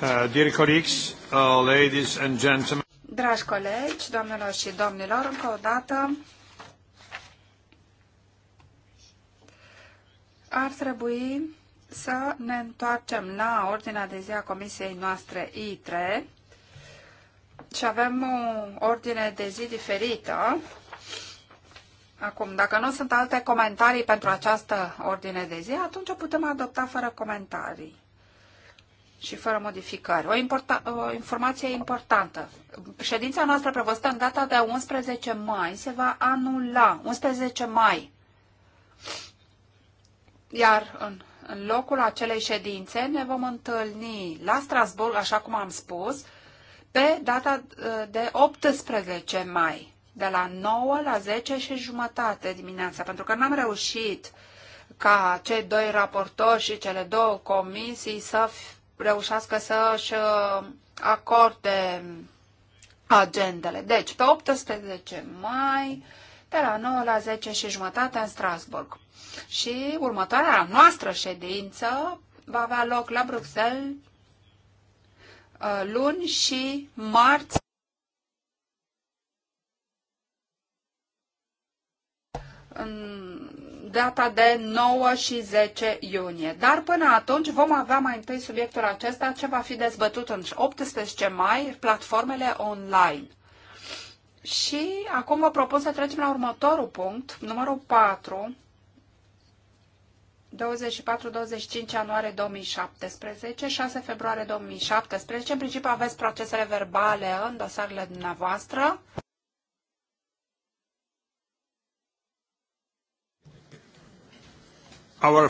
Uh, dear colleagues, uh, ladies and gentlemen. Dragi colegi, doamnelor și domnilor, încă o dată ar trebui să ne întoarcem la ordinea de zi a comisiei noastre I3 și avem o ordine de zi diferită. Acum, dacă nu sunt alte comentarii pentru această ordine de zi, atunci o putem adopta fără comentarii și fără modificări. O, importa, o informație importantă. Ședința noastră prevăzută în data de 11 mai se va anula. 11 mai. Iar în, în locul acelei ședințe ne vom întâlni la Strasburg, așa cum am spus, pe data ă, de 18 mai, de la 9 la 10 și jumătate dimineața, pentru că n-am reușit ca cei doi raportori și cele două comisii să reușească să-și uh, acorde agendele. Deci, pe 18 mai, de la 9 la 10 și jumătate în Strasburg. Și următoarea noastră ședință va avea loc la Bruxelles uh, luni și marți. În data de 9 și 10 iunie. Dar până atunci vom avea mai întâi subiectul acesta ce va fi dezbătut în 18 mai, platformele online. Și acum vă propun să trecem la următorul punct, numărul 4, 24-25 ianuarie 2017, 6 februarie 2017. În principiu aveți procesele verbale în dosarele dumneavoastră. Our,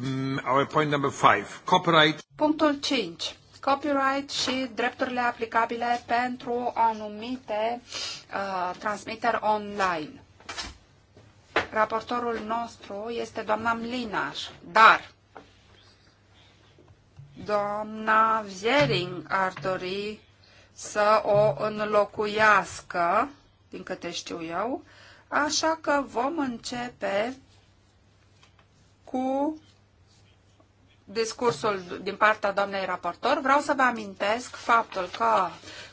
mm, our point number five, copyright. Punctul 5. Copyright și drepturile aplicabile pentru anumite uh, transmiteri online. Raportorul nostru este doamna Mlinaș, dar doamna Viering ar dori să o înlocuiască, din câte știu eu, așa că vom începe cu discursul din partea doamnei raportor, vreau să vă amintesc faptul că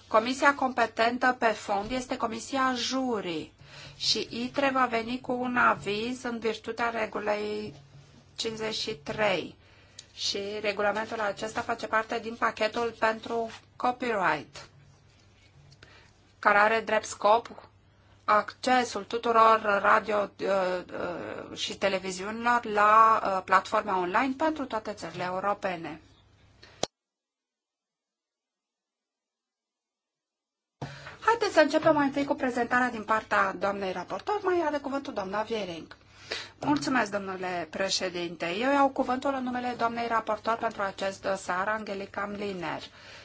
comisia competentă pe fond este comisia jurii și ITRE va veni cu un aviz în virtutea regulei 53 și regulamentul acesta face parte din pachetul pentru copyright, care are drept scop accesul tuturor radio uh, uh, și televiziunilor la uh, platforma online pentru toate țările europene. Haideți să începem mai întâi cu prezentarea din partea doamnei raportor, mai are cuvântul doamna Viering. Mulțumesc, domnule președinte. Eu iau cuvântul în numele doamnei raportor pentru acest dosar, Angelica Mliner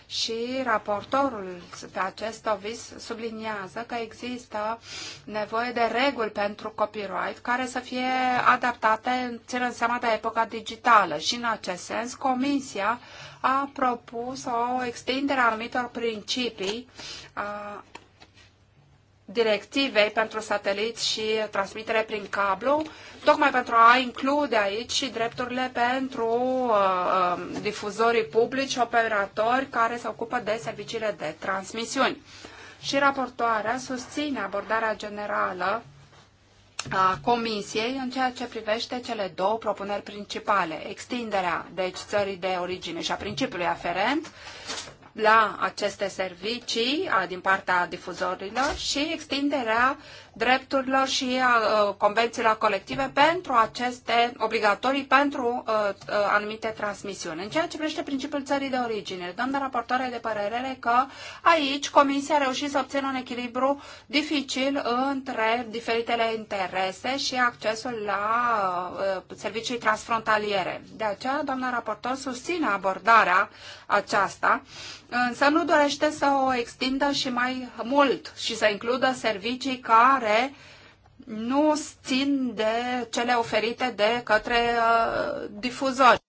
și raportorul pe acest aviz subliniază că există nevoie de reguli pentru copyright care să fie adaptate ținând seama de epoca digitală și în acest sens Comisia a propus o extindere a anumitor principii a directivei pentru sateliți și transmitere prin cablu, tocmai pentru a include aici și drepturile pentru uh, um, difuzorii publici, operatori care se ocupă de serviciile de transmisiuni. Și raportoarea susține abordarea generală a Comisiei în ceea ce privește cele două propuneri principale, extinderea deci țării de origine și a principiului aferent la aceste servicii din partea difuzorilor și extinderea drepturilor și a uh, convențiilor colective pentru aceste obligatorii pentru uh, uh, anumite transmisiuni. În ceea ce privește principiul țării de origine, doamna raportoare de părere că aici Comisia a reușit să obțină un echilibru dificil între diferitele interese și accesul la servicii transfrontaliere. De aceea, doamna raportor susține abordarea aceasta, însă nu dorește să o extindă și mai mult și să includă servicii care care nu țin de cele oferite de către uh, difuzori.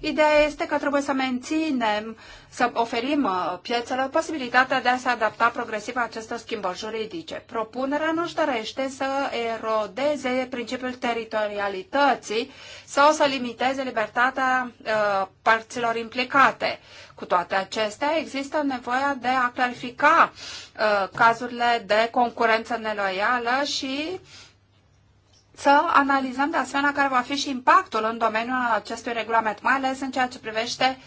Ideea este că trebuie să menținem, să oferim uh, piețelor posibilitatea de a se adapta progresiv acestor schimbări juridice. Propunerea nu își dorește să erodeze principiul teritorialității sau să limiteze libertatea uh, părților implicate. Cu toate acestea, există nevoia de a clarifica uh, cazurile de concurență neloială și să analizăm de asemenea care va fi și impactul în domeniul acestui regulament, mai ales în ceea ce privește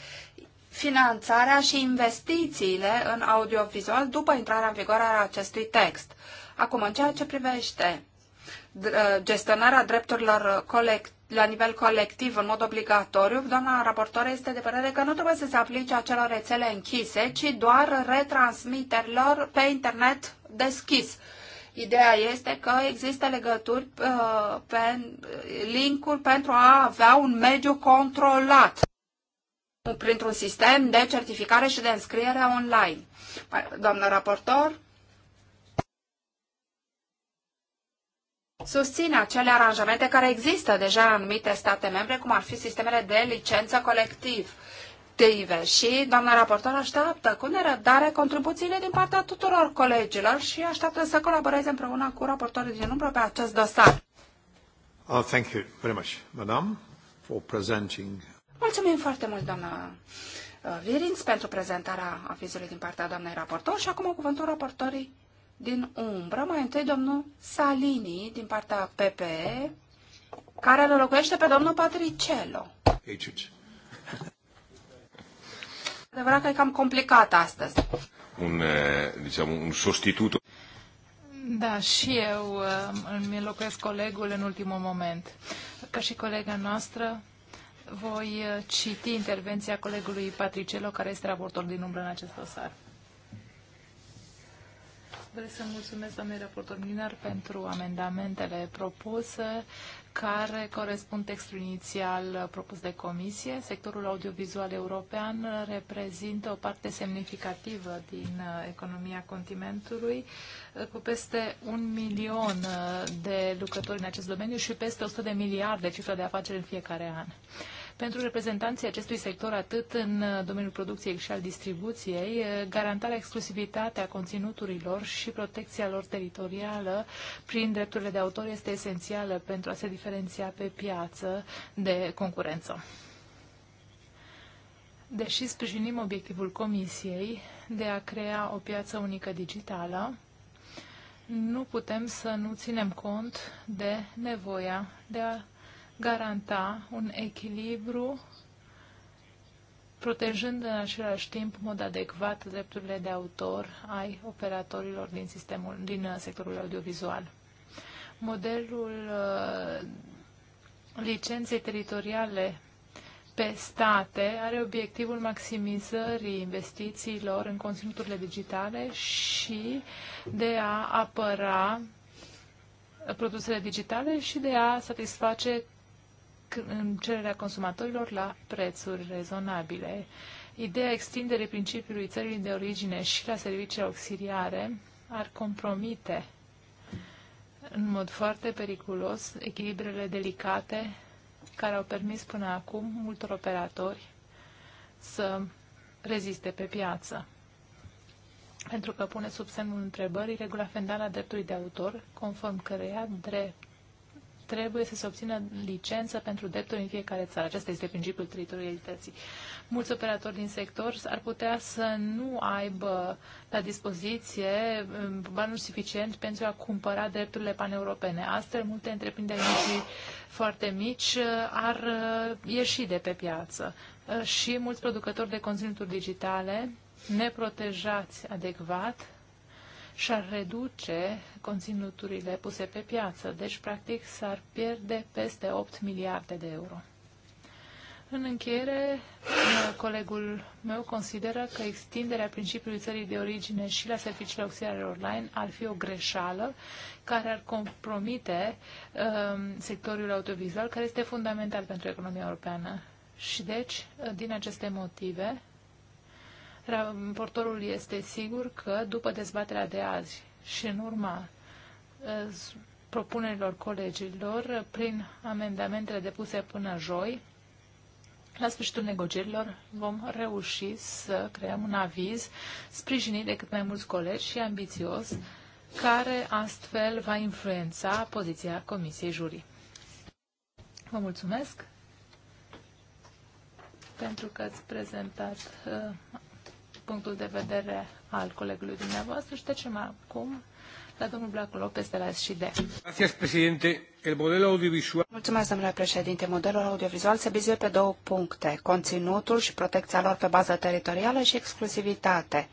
finanțarea și investițiile în audiovizual după intrarea în vigoare a acestui text. Acum, în ceea ce privește uh, gestionarea drepturilor colect la nivel colectiv, în mod obligatoriu, doamna raportoare este de părere că nu trebuie să se aplice acelor rețele închise, ci doar retransmiterilor pe internet deschis. Ideea este că există legături uh, pe linkuri pentru a avea un mediu controlat printr-un sistem de certificare și de înscriere online. Doamnă raportor, susține acele aranjamente care există deja în anumite state membre, cum ar fi sistemele de licență colectiv. Tive. Și doamna raportor așteaptă cu nerăbdare contribuțiile din partea tuturor colegilor și așteaptă să colaboreze împreună cu raportorii din umbră pe acest dosar. Uh, thank you very much, madam, for presenting. Mulțumim foarte mult, doamna uh, Virins, pentru prezentarea avizului din partea doamnei raportor și acum cuvântul raportorii din umbră. Mai întâi domnul Salini din partea PPE, care îl locuiește pe domnul Patricello. Aici. Adevărat că e cam complicat astăzi. Un, eh, diciamo, un sostitut. Da, și eu eh, îmi locuiesc colegul în ultimul moment. Ca și colega noastră, voi eh, citi intervenția colegului Patricello, care este raportor din umbră în acest dosar. Doresc să mulțumesc doamnei raportor Minar pentru amendamentele propuse care corespund textului inițial propus de comisie. Sectorul audiovizual european reprezintă o parte semnificativă din uh, economia continentului, uh, cu peste un milion uh, de lucrători în acest domeniu și peste 100 de miliarde de cifre de afaceri în fiecare an pentru reprezentanții acestui sector atât în domeniul producției și al distribuției, garantarea exclusivitatea conținuturilor și protecția lor teritorială prin drepturile de autor este esențială pentru a se diferenția pe piață de concurență. Deși sprijinim obiectivul Comisiei de a crea o piață unică digitală, nu putem să nu ținem cont de nevoia de a garanta un echilibru protejând în același timp în mod adecvat drepturile de autor ai operatorilor din, sistemul, din uh, sectorul audiovizual. Modelul uh, licenței teritoriale pe state are obiectivul maximizării investițiilor în conținuturile digitale și de a apăra produsele digitale și de a satisface cererea consumatorilor la prețuri rezonabile. Ideea extinderii principiului țării de origine și la serviciile auxiliare ar compromite în mod foarte periculos echilibrele delicate care au permis până acum multor operatori să reziste pe piață. Pentru că pune sub semnul întrebării regula fendală a dreptului de autor, conform căreia drept trebuie să se obțină licență pentru drepturi în fiecare țară. Acesta este principiul teritorialității. Mulți operatori din sector ar putea să nu aibă la dispoziție um, banul suficient pentru a cumpăra drepturile paneuropene. Astfel, multe întreprinderi mici foarte mici uh, ar uh, ieși de pe piață. Uh, și mulți producători de conținuturi digitale neprotejați adecvat și ar reduce conținuturile puse pe piață, deci practic s-ar pierde peste 8 miliarde de euro. În încheiere, colegul meu consideră că extinderea principiului țării de origine și la serviciile auxiliare online ar fi o greșeală care ar compromite um, sectorul autovizual, care este fundamental pentru economia europeană. Și deci, din aceste motive, Raportorul este sigur că după dezbaterea de azi și în urma ă, propunerilor colegilor, prin amendamentele depuse până joi, la sfârșitul negocierilor vom reuși să creăm un aviz sprijinit de cât mai mulți colegi și ambițios, care astfel va influența poziția Comisiei Jurii. Vă mulțumesc pentru că ați prezentat uh, punctul de vedere al colegului dumneavoastră și trecem acum la domnul Blacu Lopez de la SCD. Mulțumesc, domnule președinte. Modelul audiovizual se bizuie pe două puncte, conținutul și protecția lor pe bază teritorială și exclusivitate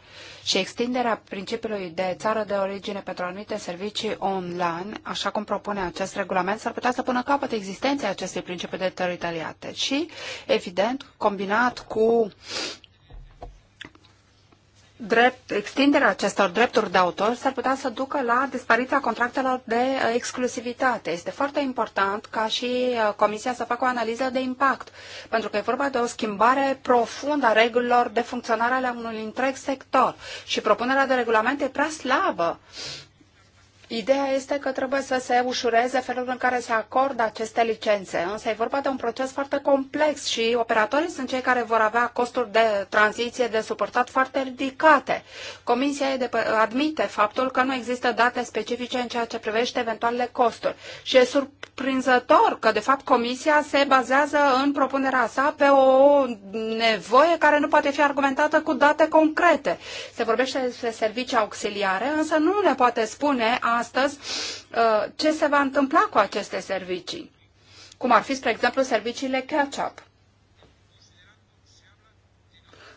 și extinderea principiului de țară de origine pentru anumite servicii online, așa cum propune acest regulament, s-ar putea să pună capăt existenței acestui principiu de teritorialitate și, evident, combinat cu drept, extinderea acestor drepturi de autor s-ar putea să ducă la dispariția contractelor de uh, exclusivitate. Este foarte important ca și uh, Comisia să facă o analiză de impact, pentru că e vorba de o schimbare profundă a regulilor de funcționare ale unui întreg sector și propunerea de regulament e prea slabă. Uh, Ideea este că trebuie să se ușureze felul în care se acordă aceste licențe, însă e vorba de un proces foarte complex și operatorii sunt cei care vor avea costuri de tranziție de suportat foarte ridicate. Comisia admite faptul că nu există date specifice în ceea ce privește eventualele costuri și e surprinzător că, de fapt, Comisia se bazează în propunerea sa pe o nevoie care nu poate fi argumentată cu date concrete. Se vorbește despre servicii auxiliare, însă nu ne poate spune a astăzi uh, ce se va întâmpla cu aceste servicii, cum ar fi, spre exemplu, serviciile catch-up.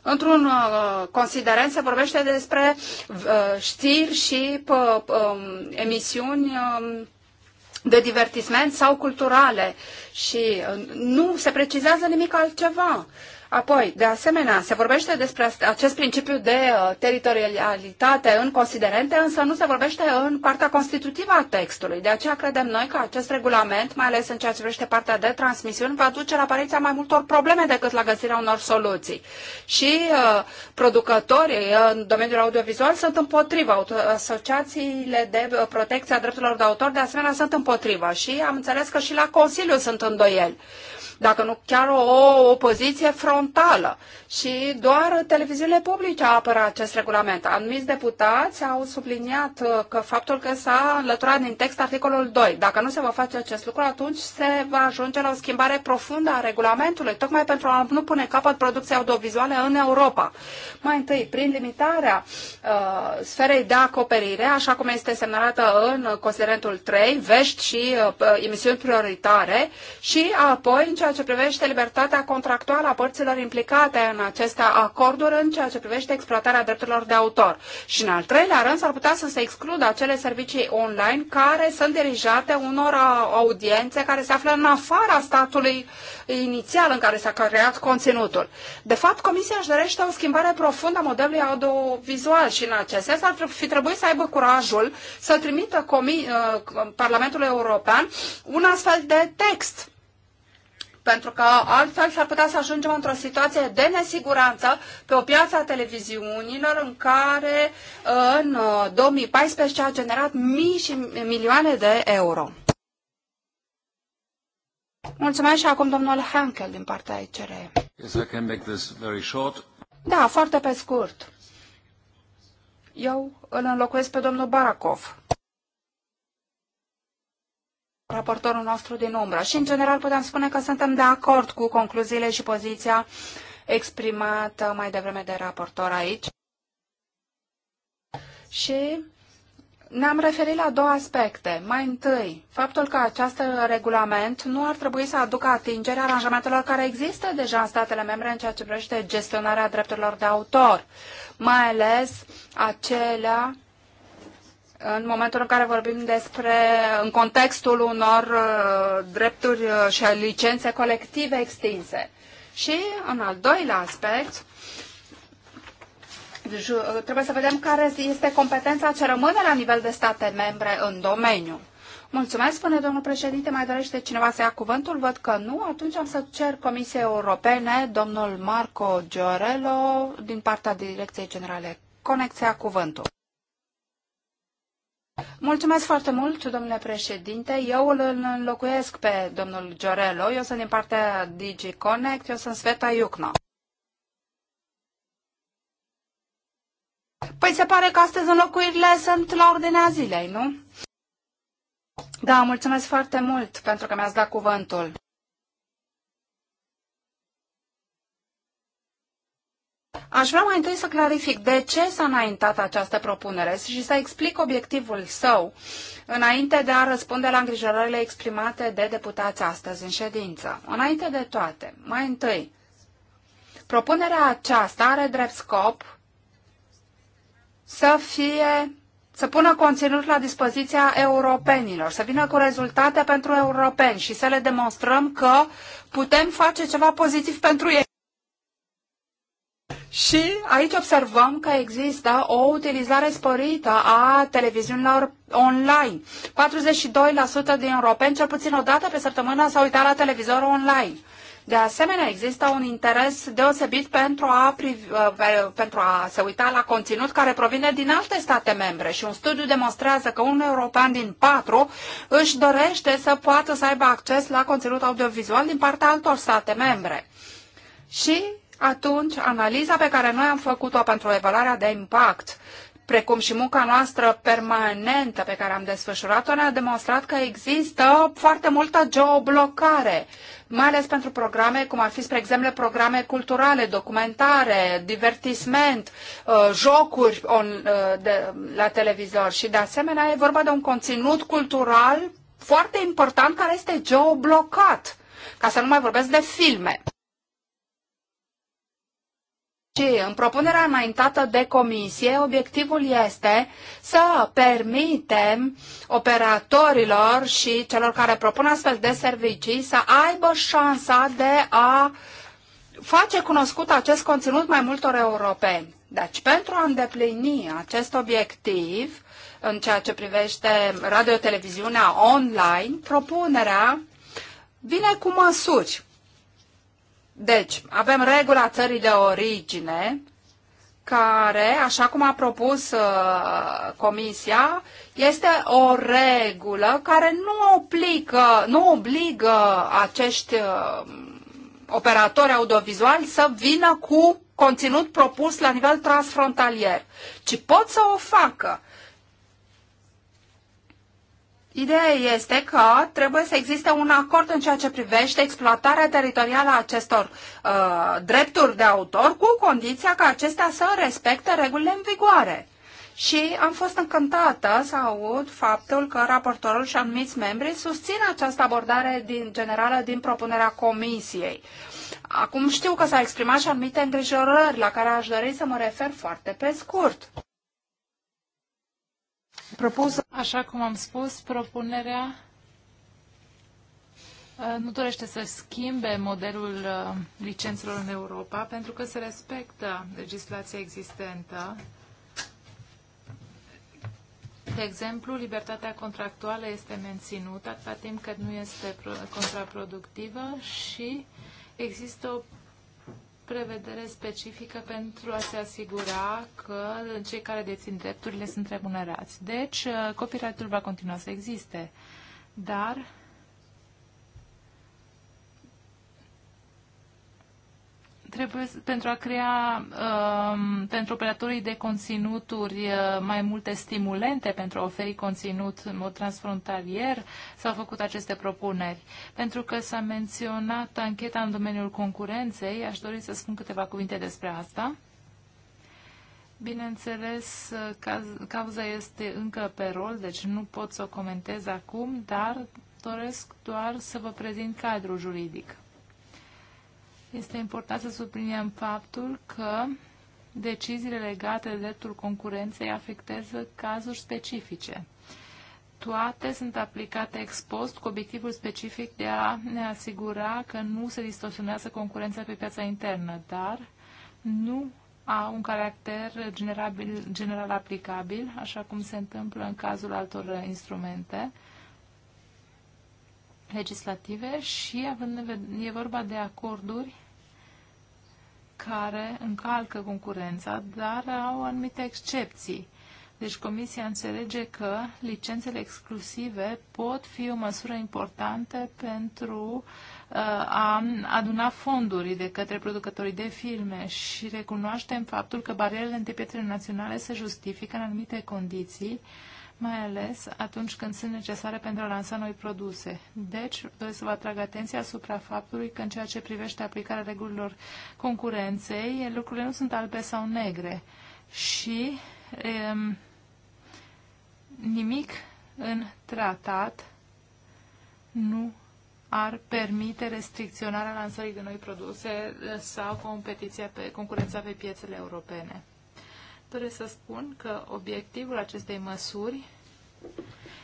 Într-un uh, considerent se vorbește despre uh, știri și um, emisiuni um, de divertisment sau culturale și nu se precizează nimic altceva. Apoi, de asemenea, se vorbește despre acest principiu de uh, teritorialitate în considerente, însă nu se vorbește în partea constitutivă a textului. De aceea credem noi că acest regulament, mai ales în ceea ce privește partea de transmisiuni, va duce la apariția mai multor probleme decât la găsirea unor soluții. Și uh, producătorii uh, în domeniul audiovizual sunt împotriva, asociațiile de uh, protecție a drepturilor de autor de asemenea sunt împotriva și am înțeles că și la Consiliu sunt îndoieli dacă nu chiar o opoziție frontală. Și doar televiziunile publice apără acest regulament. Anumiți deputați au subliniat uh, că faptul că s-a înlăturat din text articolul 2. Dacă nu se va face acest lucru, atunci se va ajunge la o schimbare profundă a regulamentului, tocmai pentru a nu pune capăt producției audiovizuale în Europa. Mai întâi, prin limitarea uh, sferei de acoperire, așa cum este semnalată în considerentul 3, vești și uh, emisiuni prioritare, și apoi în ceea ce privește libertatea contractuală a părților implicate în aceste acorduri, în ceea ce privește exploatarea drepturilor de autor. Și în al treilea rând s-ar putea să se excludă acele servicii online care sunt dirijate unor audiențe care se află în afara statului inițial în care s-a creat conținutul. De fapt, Comisia își dorește o schimbare profundă a modelului audiovizual și în acest sens ar fi trebuit să aibă curajul să trimită Comi uh, Parlamentului European un astfel de text pentru că altfel s-ar putea să ajungem într-o situație de nesiguranță pe o piață a televiziunilor în care în 2014 uh, a generat mii și milioane de euro. Mulțumesc și acum domnul Henkel din partea ICR. Yes, I can make this very short. Da, foarte pe scurt. Eu îl înlocuiesc pe domnul Barakov raportorul nostru din umbră. Și, în general, putem spune că suntem de acord cu concluziile și poziția exprimată mai devreme de raportor aici. Și ne-am referit la două aspecte. Mai întâi, faptul că acest regulament nu ar trebui să aducă atingerea aranjamentelor care există deja în statele membre în ceea ce privește gestionarea drepturilor de autor, mai ales acelea în momentul în care vorbim despre, în contextul unor uh, drepturi uh, și licențe colective extinse. Și, în al doilea aspect, uh, trebuie să vedem care este competența ce rămâne la nivel de state membre în domeniu. Mulțumesc, spune domnul președinte. Mai dorește cineva să ia cuvântul? Văd că nu. Atunci am să cer Comisiei Europene, domnul Marco Giorello, din partea Direcției Generale Conexia, cuvântul. Mulțumesc foarte mult, domnule președinte. Eu îl înlocuiesc pe domnul Giorello. Eu sunt din partea DigiConnect. Connect, eu sunt Sveta Iucno. Păi se pare că astăzi înlocuirile sunt la ordinea zilei, nu? Da, mulțumesc foarte mult pentru că mi-ați dat cuvântul. Aș vrea mai întâi să clarific de ce s-a înaintat această propunere și să explic obiectivul său înainte de a răspunde la îngrijorările exprimate de deputați astăzi în ședință. Înainte de toate, mai întâi, propunerea aceasta are drept scop să fie să pună conținut la dispoziția europenilor, să vină cu rezultate pentru europeni și să le demonstrăm că putem face ceva pozitiv pentru ei. Și aici observăm că există o utilizare sporită a televiziunilor online. 42% din europeni, cel puțin o dată pe săptămână, s-au uitat la televizor online. De asemenea, există un interes deosebit pentru a, privi, uh, pentru a se uita la conținut care provine din alte state membre și un studiu demonstrează că un european din patru își dorește să poată să aibă acces la conținut audiovizual din partea altor state membre. Și atunci analiza pe care noi am făcut-o pentru evaluarea de impact, precum și munca noastră permanentă pe care am desfășurat-o, ne-a demonstrat că există foarte multă geoblocare, mai ales pentru programe cum ar fi, spre exemplu, programe culturale, documentare, divertisment, uh, jocuri on, uh, de, la televizor și, de asemenea, e vorba de un conținut cultural foarte important care este geoblocat, ca să nu mai vorbesc de filme ci în propunerea înaintată de comisie, obiectivul este să permitem operatorilor și celor care propun astfel de servicii să aibă șansa de a face cunoscut acest conținut mai multor europeni. Deci, pentru a îndeplini acest obiectiv, în ceea ce privește radioteleviziunea online, propunerea vine cu măsuri deci, avem regula țării de origine, care, așa cum a propus uh, Comisia, este o regulă care nu, oblică, nu obligă acești uh, operatori audiovizuali să vină cu conținut propus la nivel transfrontalier, ci pot să o facă. Ideea este că trebuie să existe un acord în ceea ce privește exploatarea teritorială a acestor uh, drepturi de autor, cu condiția ca acestea să respecte regulile în vigoare. Și am fost încântată să aud faptul că raportorul și anumiți membri susțin această abordare din, generală din propunerea comisiei. Acum știu că s-au exprimat și anumite îngrijorări la care aș dori să mă refer foarte pe scurt. Propus... Așa cum am spus, propunerea uh, nu dorește să schimbe modelul uh, licențelor în Europa pentru că se respectă legislația existentă. De exemplu, libertatea contractuală este menținută atâta timp cât nu este contraproductivă și există o prevedere specifică pentru a se asigura că cei care dețin drepturile sunt remunerați. Deci, copyright-ul va continua să existe, dar trebuie pentru a crea um, pentru operatorii de conținuturi uh, mai multe stimulente pentru a oferi conținut în mod transfrontalier, s-au făcut aceste propuneri. Pentru că s-a menționat ancheta în domeniul concurenței, aș dori să spun câteva cuvinte despre asta. Bineînțeles, uh, cauza este încă pe rol, deci nu pot să o comentez acum, dar doresc doar să vă prezint cadrul juridic. Este important să subliniem faptul că deciziile legate de dreptul concurenței afectează cazuri specifice. Toate sunt aplicate ex post cu obiectivul specific de a ne asigura că nu se distorsionează concurența pe piața internă, dar nu au un caracter generabil, general aplicabil, așa cum se întâmplă în cazul altor uh, instrumente legislative și având, e vorba de acorduri care încalcă concurența, dar au anumite excepții. Deci Comisia înțelege că licențele exclusive pot fi o măsură importantă pentru uh, a aduna fonduri de către producătorii de filme și recunoaștem faptul că barierele între pietrele naționale se justifică în anumite condiții uh, mai ales atunci când sunt necesare pentru a lansa noi produse. Deci, să vă atrag atenția asupra faptului că în ceea ce privește aplicarea regulilor concurenței, lucrurile nu sunt albe sau negre și e, nimic în tratat nu ar permite restricționarea lansării de noi produse eh, sau competiția pe concurența pe piețele europene. Trebuie să spun că obiectivul acestei măsuri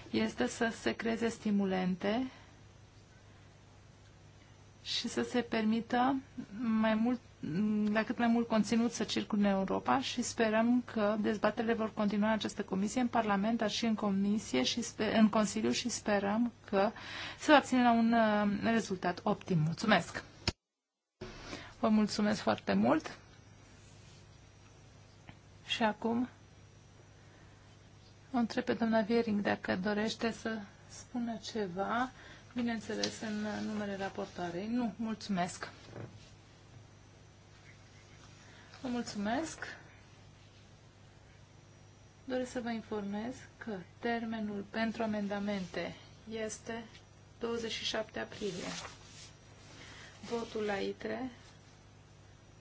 este să se creeze stimulente și să se permită mai mult, la cât mai mult conținut să circule în Europa și sperăm că dezbaterile vor continua în această comisie, în Parlament, dar și în comisie și sper, în Consiliu și sperăm că se va obține la un uh, rezultat optim. Mulțumesc! Vă mulțumesc foarte mult! Și acum o întreb pe doamna Viering dacă dorește să spună ceva, bineînțeles, în numele raportoarei. Nu, mulțumesc. Vă mulțumesc. Doresc să vă informez că termenul pentru amendamente este 27 aprilie. Votul la ITRE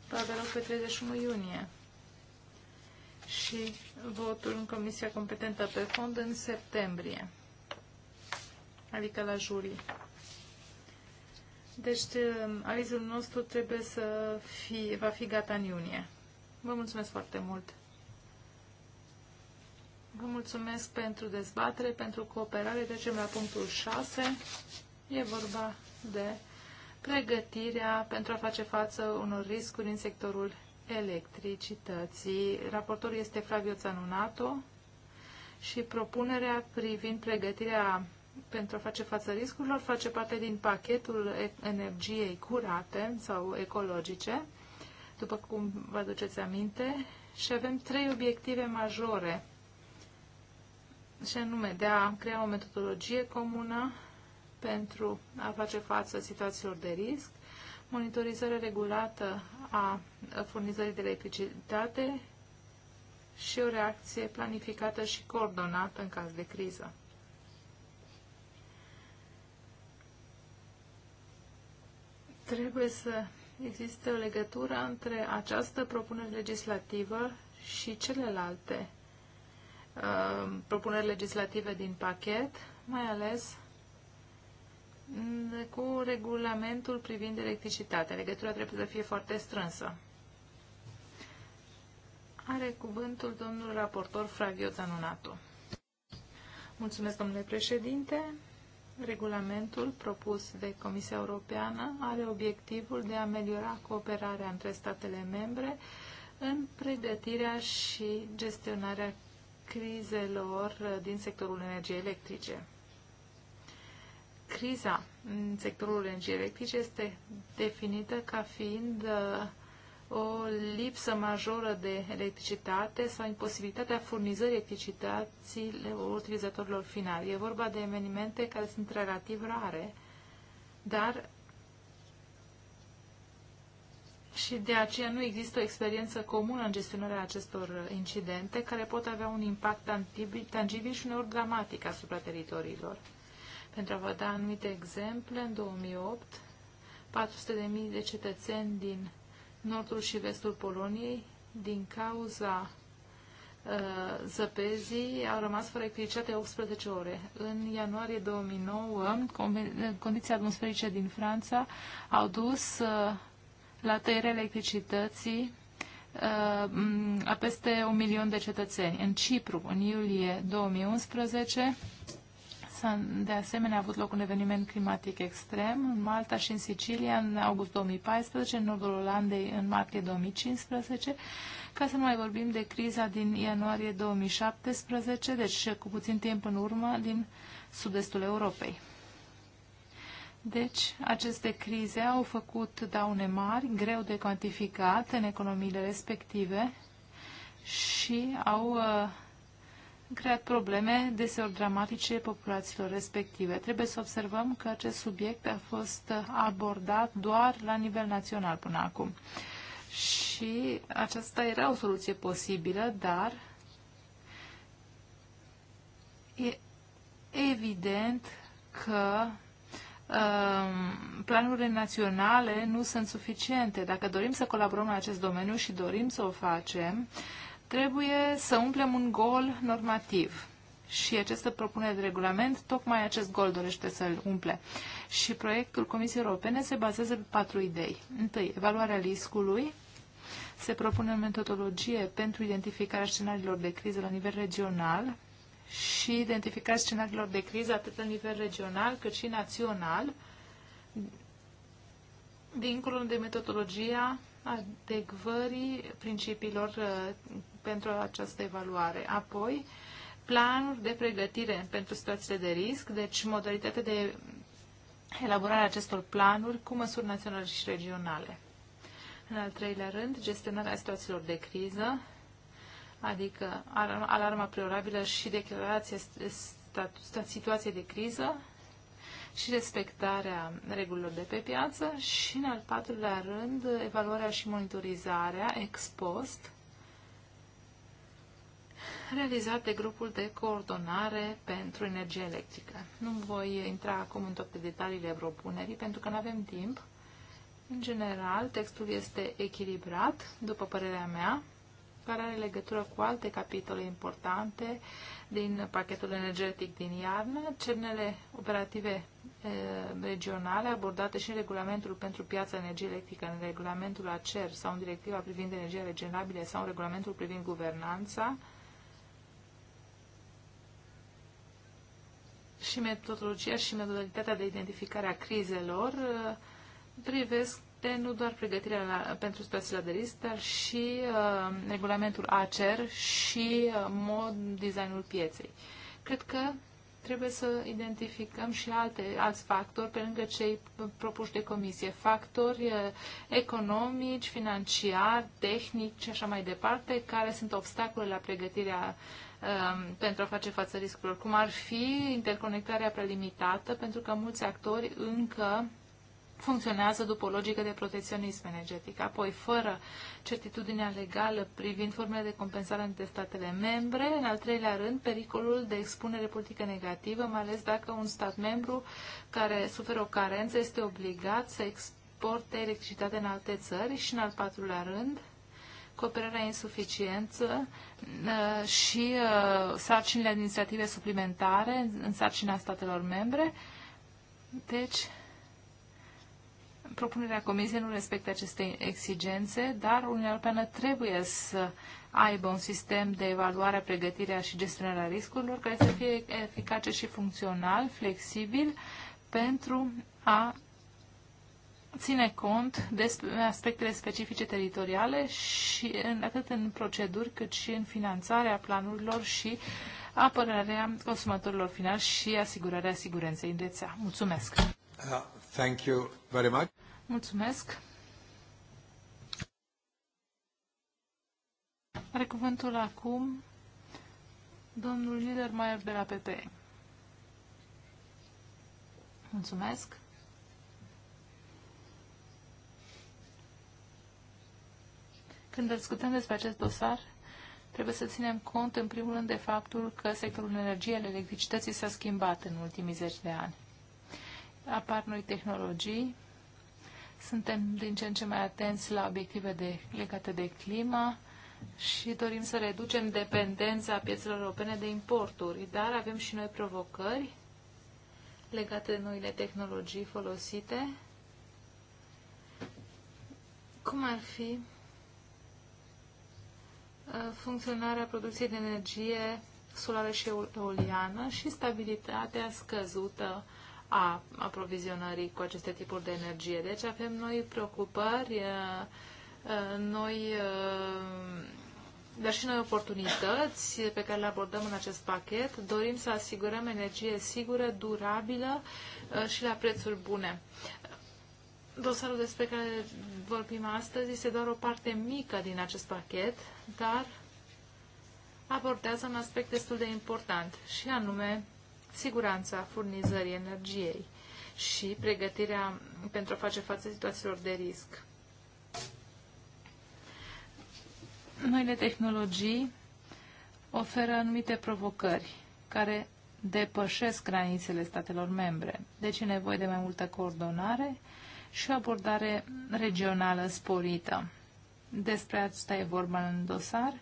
va avea loc pe 31 iunie și votul în Comisia Competentă pe Fond în septembrie, adică la jurii. Deci avizul nostru trebuie să fie, va fi gata în iunie. Vă mulțumesc foarte mult! Vă mulțumesc pentru dezbatere, pentru cooperare. Trecem la punctul 6. E vorba de pregătirea pentru a face față unor riscuri în sectorul electricității. Raportorul este Flavio Țanunato și propunerea privind pregătirea pentru a face față riscurilor face parte din pachetul energiei curate sau ecologice, după cum vă aduceți aminte, și avem trei obiective majore, și anume de a crea o metodologie comună pentru a face față situațiilor de risc, monitorizare regulată a furnizării de electricitate și o reacție planificată și coordonată în caz de criză. Trebuie să existe o legătură între această propunere legislativă și celelalte uh, propuneri legislative din pachet, mai ales cu regulamentul privind electricitatea. Legătura trebuie să fie foarte strânsă. Are cuvântul domnul raportor Flavio Zanunato. Mulțumesc, domnule președinte. Regulamentul propus de Comisia Europeană are obiectivul de a ameliora cooperarea între statele membre în pregătirea și gestionarea crizelor din sectorul energiei electrice criza în sectorul energiei electrice este definită ca fiind uh, o lipsă majoră de electricitate sau imposibilitatea furnizării electricității utilizatorilor finali. E vorba de evenimente care sunt relativ rare, dar și de aceea nu există o experiență comună în gestionarea acestor incidente care pot avea un impact tangibil și uneori dramatic asupra teritoriilor. Pentru a vă da anumite exemple, în 2008, 400.000 de cetățeni din nordul și vestul Poloniei, din cauza uh, zăpezii, au rămas fără electricitate 18 ore. În ianuarie 2009, condiții atmosferice din Franța au dus uh, la tăierea electricității uh, a peste un milion de cetățeni. În Cipru, în iulie 2011, s-a de asemenea avut loc un eveniment climatic extrem în Malta și în Sicilia în august 2014, în nordul Olandei în martie 2015, ca să nu mai vorbim de criza din ianuarie 2017, deci cu puțin timp în urmă, din sud-estul Europei. Deci, aceste crize au făcut daune mari, greu de cuantificat în economiile respective și au uh, creat probleme deseori dramatice populațiilor respective. Trebuie să observăm că acest subiect a fost abordat doar la nivel național până acum. Și aceasta era o soluție posibilă, dar e evident că um, planurile naționale nu sunt suficiente. Dacă dorim să colaborăm în acest domeniu și dorim să o facem, uh, Trebuie să umplem un gol normativ și această propunere de regulament, tocmai acest gol dorește să-l umple. Și proiectul Comisiei Europene se bazează pe patru idei. Întâi, evaluarea riscului. Se propune o metodologie pentru identificarea scenariilor de criză la nivel regional și identificarea scenariilor de criză atât la nivel regional cât și național, dincolo de metodologia adecvării principiilor uh, pentru această evaluare. Apoi, planuri de pregătire pentru situațiile de risc, deci modalitatea de elaborare a acestor planuri cu măsuri naționale și regionale. În al treilea rând, gestionarea situațiilor de criză, adică alarma preorabilă și declarația situației de criză și respectarea regulilor de pe piață și, în al patrulea rând, evaluarea și monitorizarea ex post realizat de grupul de coordonare pentru energie electrică. Nu voi intra acum în toate detaliile propunerii, pentru că nu avem timp. În general, textul este echilibrat, după părerea mea, care are legătură cu alte capitole importante din pachetul energetic din iarnă, cernele operative regionale abordate și în regulamentul pentru piața energiei electrică, în regulamentul ACER sau în directiva privind energia regenerabilă sau în regulamentul privind guvernanța, și metodologia și modalitatea de identificare a crizelor uh, privesc de nu doar pregătirea la, pentru situațiile de risc, dar și uh, regulamentul ACER și uh, mod designul pieței. Cred că trebuie să identificăm și alte, alți factori pe lângă cei propuși de comisie, factori uh, economici, financiari, tehnici și așa mai departe, care sunt obstacole la pregătirea uh, Um, pentru a face față riscurilor, cum ar fi interconectarea prelimitată, pentru că mulți actori încă funcționează după o logică de protecționism energetic. Apoi, fără certitudinea legală privind formele de compensare între statele membre, în al treilea rând, pericolul de expunere politică negativă, mai ales dacă un stat membru care suferă o carență este obligat să exporte electricitate în alte țări și, în al patrulea rând, cooperarea insuficiență uh, și uh, sarcinile administrative suplimentare în sarcina statelor membre. Deci, propunerea Comisiei nu respectă aceste exigențe, dar Uniunea Europeană trebuie să aibă un sistem de evaluare, pregătirea și gestionarea riscurilor care să fie eficace și funcțional, flexibil, pentru a ține cont de aspectele specifice teritoriale și în, atât în proceduri cât și în finanțarea planurilor și apărarea consumatorilor finali și asigurarea siguranței în rețea. Mulțumesc! Uh, thank you very much. Mulțumesc! Are cuvântul acum domnul Lider Maier de la PPE. Mulțumesc! Când discutăm despre acest dosar, trebuie să ținem cont, în primul rând, de faptul că sectorul energiei al electricității s-a schimbat în ultimii zeci de ani. Apar noi tehnologii, suntem din ce în ce mai atenți la obiective de, legate de clima și dorim să reducem dependența piețelor europene de importuri, dar avem și noi provocări legate de noile tehnologii folosite, cum ar fi Uh, funcționarea producției de energie solară și eoliană și stabilitatea scăzută a aprovizionării cu aceste tipuri de energie. Deci avem noi preocupări, uh, uh, noi, dar și noi oportunități pe care le abordăm în acest pachet. Dorim să asigurăm energie sigură, durabilă și la prețuri bune. Dosarul despre care vorbim astăzi este doar o parte mică din acest pachet, dar abordează un aspect destul de important, și anume siguranța furnizării energiei și pregătirea pentru a face față situațiilor de risc. Noile tehnologii oferă anumite provocări care depășesc granițele statelor membre. Deci e nevoie de mai multă coordonare și o abordare regională sporită. Despre asta e vorba în dosar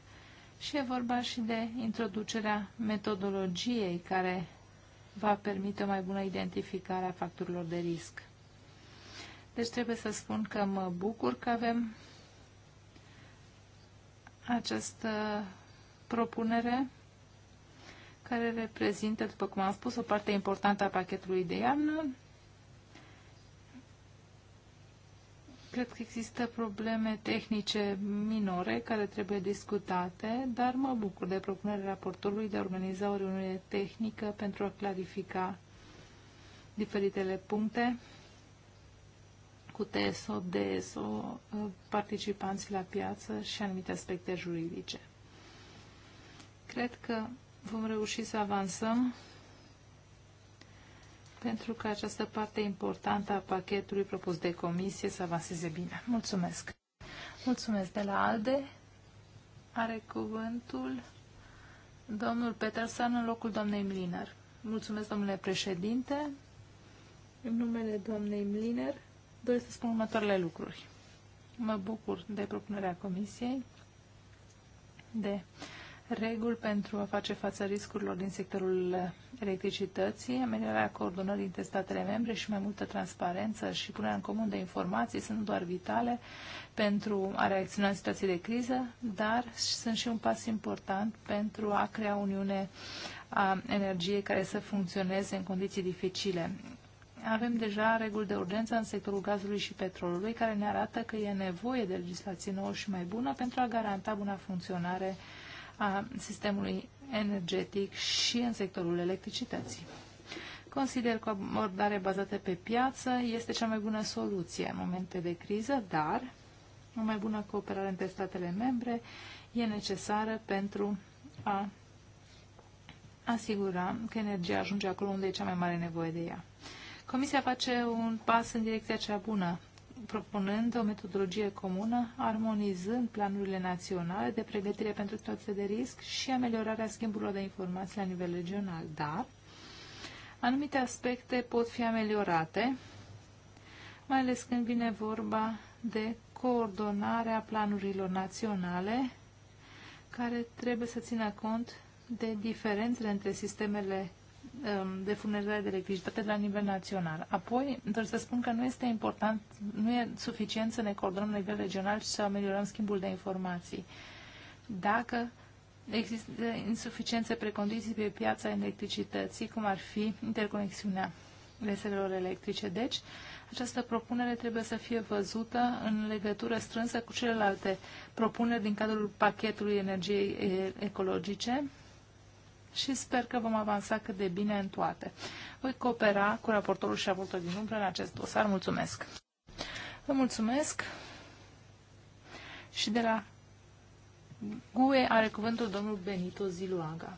și e vorba și de introducerea metodologiei care va permite o mai bună identificare a factorilor de risc. Deci trebuie să spun că mă bucur că avem această propunere care reprezintă, după cum am spus, o parte importantă a pachetului de iarnă Cred că există probleme tehnice minore care trebuie discutate, dar mă bucur de propunerea raportorului de a organiza o reuniune tehnică pentru a clarifica diferitele puncte cu TSO, DSO, participanți la piață și anumite aspecte juridice. Cred că vom reuși să avansăm pentru că această parte importantă a pachetului propus de comisie să avanseze bine. Mulțumesc! Mulțumesc de la ALDE. Are cuvântul domnul Petersan în locul doamnei Mliner. Mulțumesc, domnule președinte. În numele doamnei Mliner doresc să spun următoarele lucruri. Mă bucur de propunerea comisiei de uh, reguli pentru a face față riscurilor din sectorul electricității, ameliorarea coordonării între statele membre și mai multă transparență și punerea în comun de informații sunt doar vitale pentru a reacționa în situații de criză, dar sunt și un pas important pentru a crea uniune a energiei care să funcționeze în condiții dificile. Avem deja reguli de urgență în sectorul gazului și petrolului care ne arată că e nevoie de legislație nouă și mai bună pentru a garanta buna funcționare a sistemului energetic și în sectorul electricității. Consider că abordare bazată pe piață este cea mai bună soluție în momente de criză, dar o mai bună cooperare între statele membre e necesară pentru a asigura că energia ajunge acolo unde e cea mai mare nevoie de ea. Comisia face un pas în direcția cea bună propunând o metodologie comună, armonizând planurile naționale de pregătire pentru situații de risc și ameliorarea schimburilor de informații la nivel regional. Dar anumite aspecte pot fi ameliorate, mai ales când vine vorba de coordonarea planurilor naționale, care trebuie să țină cont de diferențele între sistemele Um, de furnizare de electricitate la nivel național. Apoi, doar să spun că nu este important, nu e suficient să ne coordonăm la nivel regional și să ameliorăm schimbul de informații. Dacă există insuficiențe precondiții pe piața electricității, cum ar fi interconexiunea reselelor electrice. Deci, această propunere trebuie să fie văzută în legătură strânsă cu celelalte propuneri din cadrul pachetului energiei ecologice, și sper că vom avansa cât de bine în toate. Voi coopera cu raportorul și raportorul din umbră în acest dosar. Mulțumesc! Vă mulțumesc și de la GUE are cuvântul domnul Benito Ziluaga.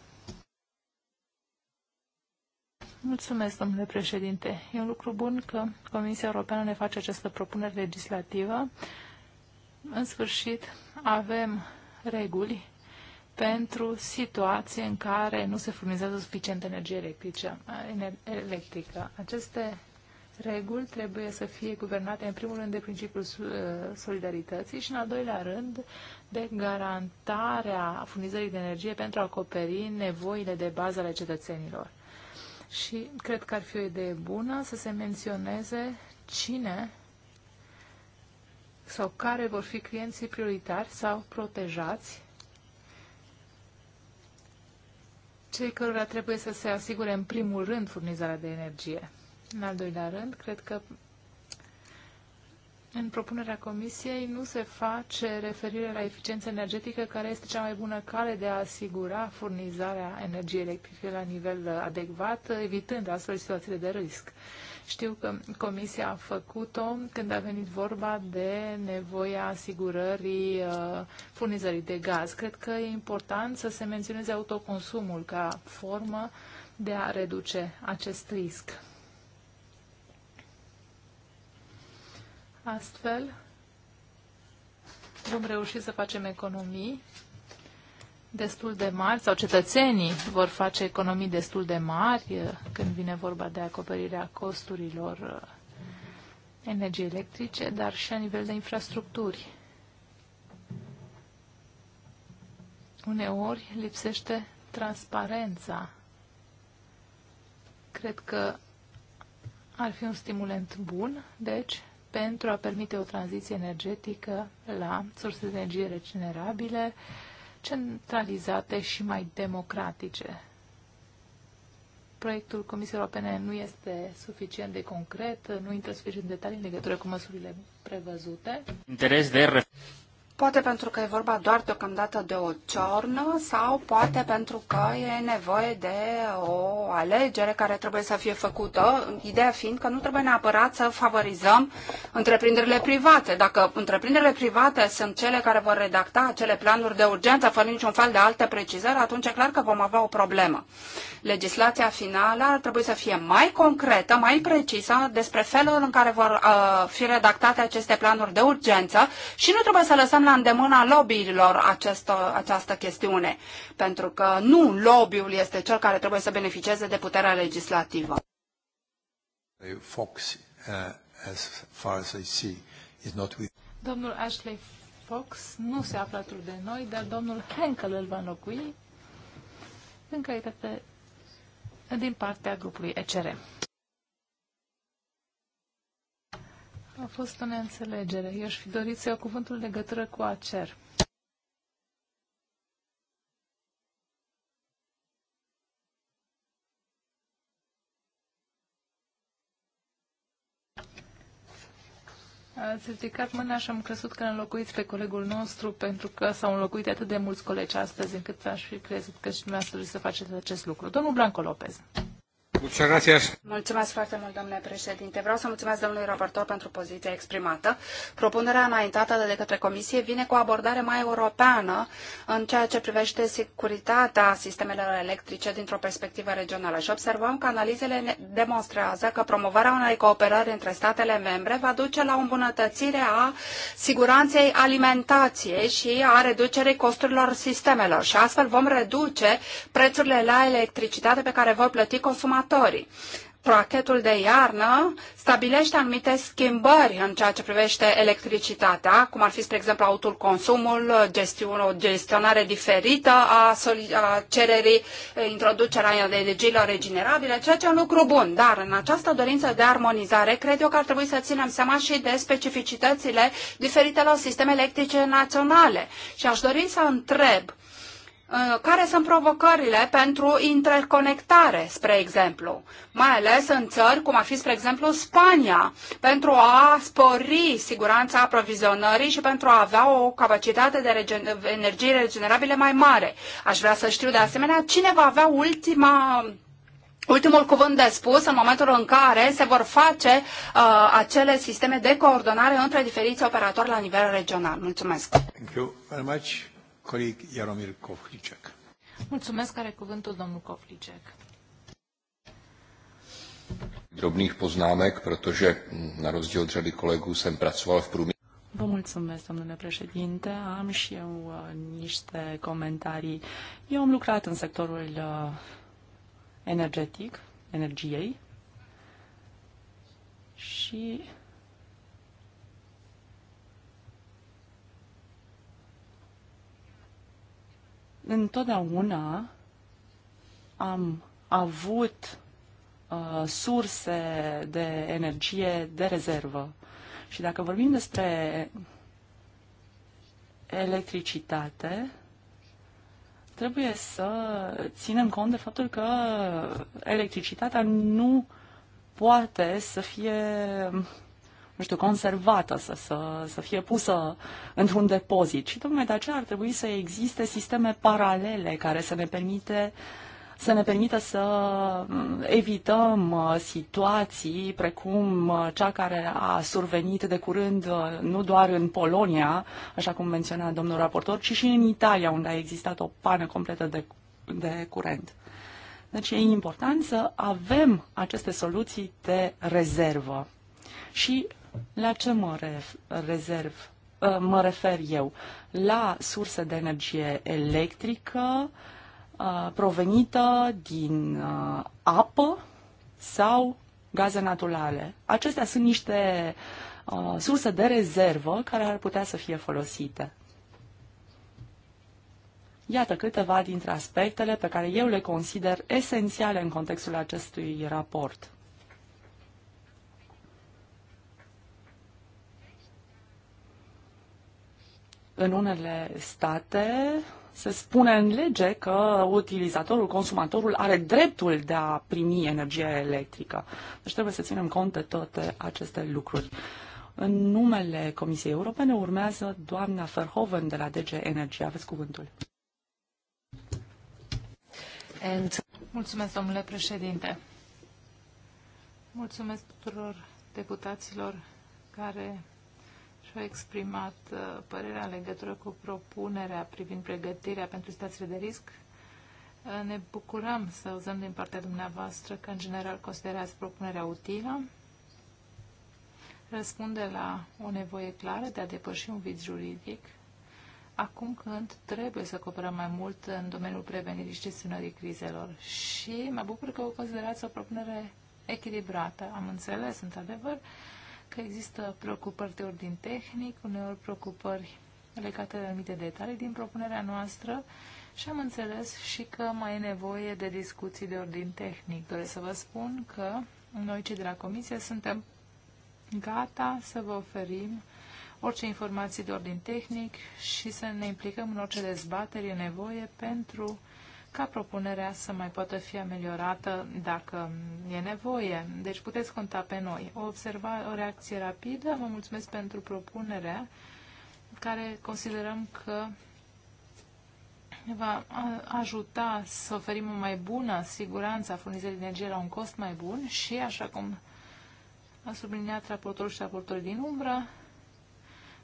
Mulțumesc, domnule președinte. E un lucru bun că Comisia Europeană ne face această propunere legislativă. În sfârșit, avem reguli pentru situații în care nu se furnizează suficient energie electrică. electrică. Aceste reguli trebuie să fie guvernate în primul rând de principiul solidarității și în al doilea rând de garantarea furnizării de energie pentru a acoperi nevoile de bază ale cetățenilor. Și cred că ar fi o idee bună să se menționeze cine sau care vor fi clienții prioritari sau protejați cei cărora trebuie să se asigure în primul rând furnizarea de energie. În al doilea rând, cred că în propunerea Comisiei nu se face referire la eficiență energetică, care este cea mai bună cale de a asigura furnizarea energiei electrice la nivel adecvat, evitând astfel situațiile de risc. Știu că Comisia a făcut-o când a venit vorba de nevoia asigurării uh, furnizării de gaz. Cred că e important să se menționeze autoconsumul ca formă de a reduce acest risc. Astfel, vom reuși să facem economii destul de mari sau cetățenii vor face economii destul de mari eh, când vine vorba de acoperirea costurilor eh, energiei electrice, dar și a nivel de infrastructuri. Uneori lipsește transparența. Cred că ar fi un stimulent bun, deci, pentru a permite o tranziție energetică la surse de energie regenerabile, centralizate și mai democratice. Proiectul Comisiei Europene nu este suficient de concret, nu intră suficient în detalii în legătură cu măsurile prevăzute. Interes de Poate pentru că e vorba doar deocamdată de o ciornă sau poate pentru că e nevoie de o alegere care trebuie să fie făcută, ideea fiind că nu trebuie neapărat să favorizăm întreprinderile private. Dacă întreprinderile private sunt cele care vor redacta acele planuri de urgență fără niciun fel de alte precizări, atunci e clar că vom avea o problemă. Legislația finală ar trebui să fie mai concretă, mai precisă despre felul în care vor uh, fi redactate aceste planuri de urgență și nu trebuie să lăsăm lăsăm la îndemâna lobbyilor această, această chestiune, pentru că nu lobbyul este cel care trebuie să beneficieze de puterea legislativă. Fox, uh, as far as I see, is not with... Domnul Ashley Fox nu se află alături de noi, dar domnul Henkel îl va înlocui în calitate din partea grupului ECR. A fost o neînțelegere. Eu aș fi dorit să iau cuvântul legătură cu acer. Ați ridicat mâna și am crezut că înlocuiți pe colegul nostru pentru că s-au înlocuit atât de mulți colegi astăzi încât aș fi crezut că și dumneavoastră să faceți acest lucru. Domnul Blanco Lopez. Mulțumesc foarte mult, domnule președinte. Vreau să mulțumesc domnului raportor pentru poziția exprimată. Propunerea înaintată de către Comisie vine cu o abordare mai europeană în ceea ce privește securitatea sistemelor electrice dintr-o perspectivă regională și observăm că analizele demonstrează că promovarea unei cooperări între statele membre va duce la o îmbunătățire a siguranței alimentației și a reducerii costurilor sistemelor și astfel vom reduce prețurile la electricitate pe care vor plăti consumatorii producătorii. Pachetul de iarnă stabilește anumite schimbări în ceea ce privește electricitatea, cum ar fi, spre exemplu, autul consumul, o gestionare diferită a, a cererii, introducerea energiilor regenerabile, ceea ce e un lucru bun. Dar în această dorință de armonizare, cred eu că ar trebui să ținem seama și de specificitățile diferitelor sisteme electrice naționale. Și aș dori să întreb Uh, care sunt provocările pentru interconectare, spre exemplu, mai ales în țări cum ar fi, spre exemplu, Spania, pentru a spori siguranța aprovizionării și pentru a avea o capacitate de regen- energie regenerabile mai mare. Aș vrea să știu de asemenea cine va avea ultima Ultimul cuvânt de spus în momentul în care se vor face uh, acele sisteme de coordonare între diferiți operatori la nivel regional. Mulțumesc! Thank you very much. Coleg Jaromir Kovlicek. Mulțumesc, are cuvântul domnul Kovlicek. Drobných poznámek, protože na rozdíl od řady kolegů jsem pracoval v průmyslu. Vă mulțumesc, domnule președinte. Am și eu uh, niște comentarii. Eu am lucrat în sectorul uh, energetic, energiei și întotdeauna am avut uh, surse de energie de rezervă. Și dacă vorbim despre electricitate, trebuie să ținem cont de faptul că electricitatea nu poate să fie nu știu, conservată, să, să, să fie pusă într-un depozit. Și tocmai de aceea ar trebui să existe sisteme paralele care să ne permite să ne permită să mm, evităm uh, situații precum uh, cea care a survenit de curând uh, nu doar în Polonia, așa cum menționa domnul raportor, ci și în Italia, unde a existat o pană completă de, de curent. Deci e important să avem aceste soluții de rezervă. Și la ce mă ref- rezerv? Ă, mă refer eu la surse de energie electrică ă, provenită din ă, apă sau gaze naturale. Acestea sunt niște surse de rezervă care ar putea să fie folosite. Iată câteva dintre aspectele pe care eu le consider esențiale în contextul acestui raport. În unele state se spune în lege că utilizatorul, consumatorul are dreptul de a primi energie electrică. Deci trebuie să ținem cont de toate aceste lucruri. În numele Comisiei Europene urmează doamna Verhoeven de la DG Energie. Aveți cuvântul. And... Mulțumesc, domnule președinte. Mulțumesc tuturor deputaților care și-a exprimat uh, părerea în legătură cu propunerea privind pregătirea pentru stațiile de risc. Uh, ne bucurăm să auzăm din partea dumneavoastră că, în general, considerați propunerea utilă. Răspunde la o nevoie clară de a depăși un vid juridic, acum când trebuie să cooperăm mai mult în domeniul prevenirii și gestionării crizelor. Și mă bucur că o considerați o propunere echilibrată. Am înțeles, într-adevăr, că există preocupări de ordin tehnic, uneori preocupări legate de anumite detalii din propunerea noastră și am înțeles și că mai e nevoie de discuții de ordin tehnic. Doresc să vă spun că noi cei de la Comisie suntem gata să vă oferim orice informații de ordin tehnic și să ne implicăm în orice dezbatere e nevoie pentru ca propunerea să mai poată fi ameliorată dacă e nevoie. Deci puteți conta pe noi. O observa o reacție rapidă. Vă mulțumesc pentru propunerea care considerăm că va ajuta să oferim o mai bună siguranță a furnizării de energie la un cost mai bun și, așa cum a subliniat raportorul și raportorul din umbră,